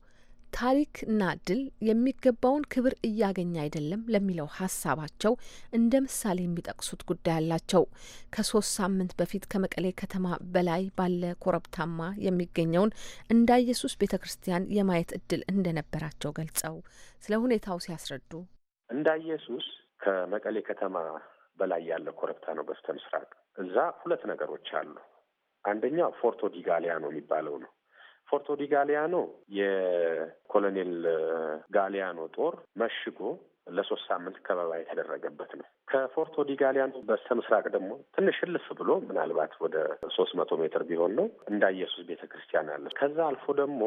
ታሪክና ድል የሚገባውን ክብር እያገኘ አይደለም ለሚለው ሀሳባቸው እንደ ምሳሌ የሚጠቅሱት ጉዳይ አላቸው። ከሶስት ሳምንት በፊት ከመቀሌ ከተማ በላይ ባለ ኮረብታማ የሚገኘውን እንዳ ኢየሱስ ቤተ ክርስቲያን የማየት እድል እንደነበራቸው ገልጸው ስለ ሁኔታው ሲያስረዱ እንዳ ኢየሱስ ከመቀሌ ከተማ በላይ ያለ ኮረብታ ነው በስተ ምስራቅ። እዛ ሁለት ነገሮች አሉ። አንደኛ ፎርቶ ዲጋሊያኖ የሚባለው ነው። ፎርቶ ዲጋሊያኖ የኮሎኔል ጋሊያኖ ጦር መሽጎ ለሶስት ሳምንት ከበባ የተደረገበት ነው። ከፎርቶ ዲጋሊያኖ በስተ ምስራቅ ደግሞ ትንሽ እልፍ ብሎ ምናልባት ወደ ሶስት መቶ ሜትር ቢሆን ነው እንዳ ኢየሱስ ቤተ ክርስቲያን አለ። ከዛ አልፎ ደግሞ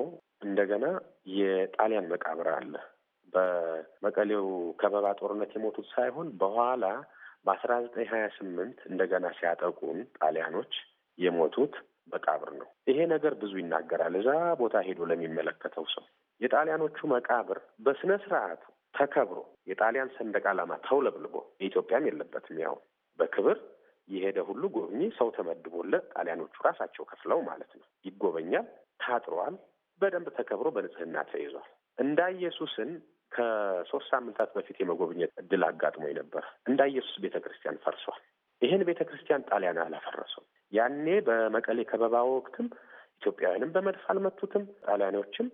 እንደገና የጣሊያን መቃብር አለ። በመቀሌው ከበባ ጦርነት የሞቱት ሳይሆን በኋላ በአስራ ዘጠኝ ሀያ ስምንት እንደገና ሲያጠቁን ጣሊያኖች የሞቱት መቃብር ነው። ይሄ ነገር ብዙ ይናገራል። እዛ ቦታ ሄዶ ለሚመለከተው ሰው የጣሊያኖቹ መቃብር በስነ ስርዓቱ ተከብሮ የጣሊያን ሰንደቅ ዓላማ ተውለብልቦ የኢትዮጵያም የለበትም ያው በክብር የሄደ ሁሉ ጎብኚ ሰው ተመድቦለት ጣሊያኖቹ ራሳቸው ከፍለው ማለት ነው ይጎበኛል። ታጥሯል፣ በደንብ ተከብሮ በንጽህና ተይዟል። እንዳ ኢየሱስን ከሶስት ሳምንታት በፊት የመጎብኘት እድል አጋጥሞኝ ነበር። እንዳ ኢየሱስ ቤተ ክርስቲያን ፈርሷል። ይህን ቤተ ክርስቲያን ጣሊያን አላፈረሰው ያኔ በመቀሌ ከበባ ወቅትም ኢትዮጵያውያንም በመድፍ አልመቱትም። ጣሊያኖችም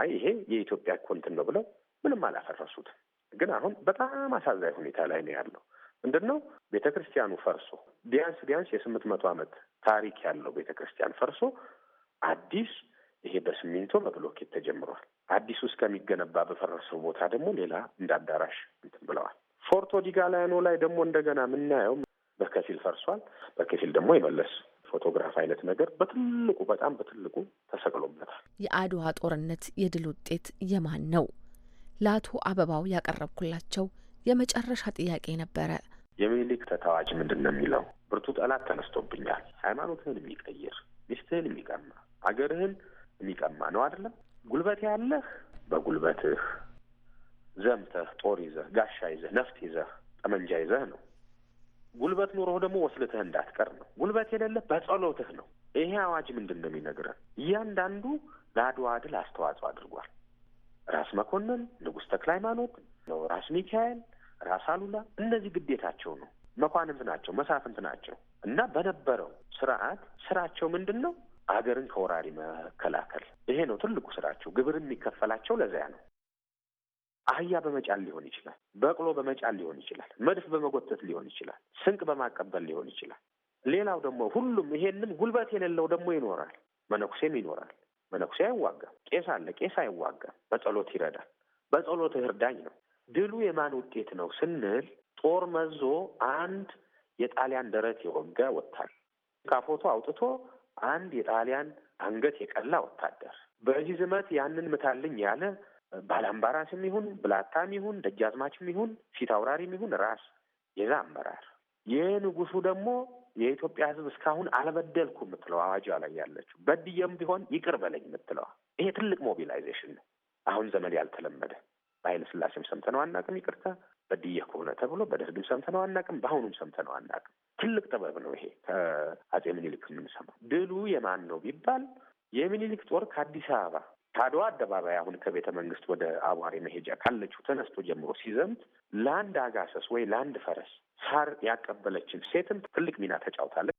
አይ ይሄ የኢትዮጵያ እኮ እንትን ነው ብለው ምንም አላፈረሱትም። ግን አሁን በጣም አሳዛኝ ሁኔታ ላይ ነው ያለው። ምንድን ነው ቤተ ክርስቲያኑ ፈርሶ ቢያንስ ቢያንስ የስምንት መቶ ዓመት ታሪክ ያለው ቤተ ክርስቲያን ፈርሶ አዲስ ይሄ በስሚንቶ በብሎኬት ተጀምሯል። አዲሱ እስከሚገነባ በፈረሰው ቦታ ደግሞ ሌላ እንደ አዳራሽ እንትን ብለዋል። ፎርቶ ዲጋላያኖ ላይ ደግሞ እንደገና የምናየው በከፊል ፈርሷል፣ በከፊል ደግሞ የመለስ ፎቶግራፍ አይነት ነገር በትልቁ በጣም በትልቁ ተሰቅሎበታል። የአድዋ ጦርነት የድል ውጤት የማን ነው? ለአቶ አበባው ያቀረብኩላቸው የመጨረሻ ጥያቄ ነበረ። የሚኒሊክ ተታዋጅ ምንድን ነው የሚለው ብርቱ ጠላት ተነስቶብኛል፣ ሃይማኖትህን የሚቀይር ሚስትህን የሚቀማ አገርህን የሚቀማ ነው አይደለም። ጉልበት ያለህ በጉልበትህ ዘምተህ ጦር ይዘህ ጋሻ ይዘህ ነፍት ይዘህ ጠመንጃ ይዘህ ነው ጉልበት ኑሮህ ደግሞ ወስልትህ እንዳትቀር ነው። ጉልበት የሌለ በጸሎትህ ነው። ይሄ አዋጅ ምንድን ነው የሚነግረን? እያንዳንዱ ለአድዋ ድል አስተዋጽኦ አድርጓል። ራስ መኮንን፣ ንጉሥ ተክለ ሃይማኖት ነው፣ ራስ ሚካኤል፣ ራስ አሉላ እነዚህ ግዴታቸው ነው። መኳንንት ናቸው፣ መሳፍንት ናቸው እና በነበረው ስርዓት ስራቸው ምንድን ነው? አገርን ከወራሪ መከላከል። ይሄ ነው ትልቁ ስራቸው። ግብር የሚከፈላቸው ለዚያ ነው። አህያ በመጫን ሊሆን ይችላል። በቅሎ በመጫን ሊሆን ይችላል። መድፍ በመጎተት ሊሆን ይችላል። ስንቅ በማቀበል ሊሆን ይችላል። ሌላው ደግሞ ሁሉም ይሄንን ጉልበት የሌለው ደግሞ ይኖራል። መነኩሴም ይኖራል። መነኩሴ አይዋጋም። ቄስ አለ። ቄስ አይዋጋም። በጸሎት ይረዳል። በጸሎት እርዳኝ ነው። ድሉ የማን ውጤት ነው ስንል ጦር መዞ አንድ የጣሊያን ደረት የወጋ ወታል ካፎቶ አውጥቶ አንድ የጣሊያን አንገት የቀላ ወታደር በዚህ ዝመት ያንን ምታልኝ ያለ ባላምባራስም ይሁን ብላታም ይሁን ደጃዝማችም ይሁን ፊት አውራሪም ይሁን ራስ የዛ አመራር ይህ ንጉሱ ደግሞ የኢትዮጵያ ሕዝብ እስካሁን አልበደልኩ የምትለው አዋጇ ላይ ያለችው በድየም ቢሆን ይቅር በለኝ የምትለዋ ይሄ ትልቅ ሞቢላይዜሽን ነው። አሁን ዘመን ያልተለመደ በኃይለ ስላሴም ሰምተነው አናቅም። ይቅርታ በድየህ ከሆነ ተብሎ በደርግም ሰምተነው አናቅም። በአሁኑም ሰምተነው አናቅም። ትልቅ ጥበብ ነው ይሄ ከአጼ ምኒልክ የምንሰማው። ድሉ የማን ነው ቢባል የሚኒሊክ ጦር ከአዲስ አበባ ከአድዋ አደባባይ አሁን ከቤተ መንግስት ወደ አቧሬ መሄጃ ካለችው ተነስቶ ጀምሮ ሲዘምት ለአንድ አጋሰስ ወይ ለአንድ ፈረስ ሳር ያቀበለችን ሴትም ትልቅ ሚና ተጫውታለች።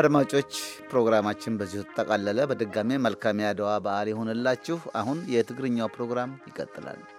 አድማጮች ፕሮግራማችን በዚሁ ተጠቃለለ። በድጋሜ መልካም የአድዋ በዓል ይሆንላችሁ። አሁን የትግርኛው ፕሮግራም ይቀጥላል።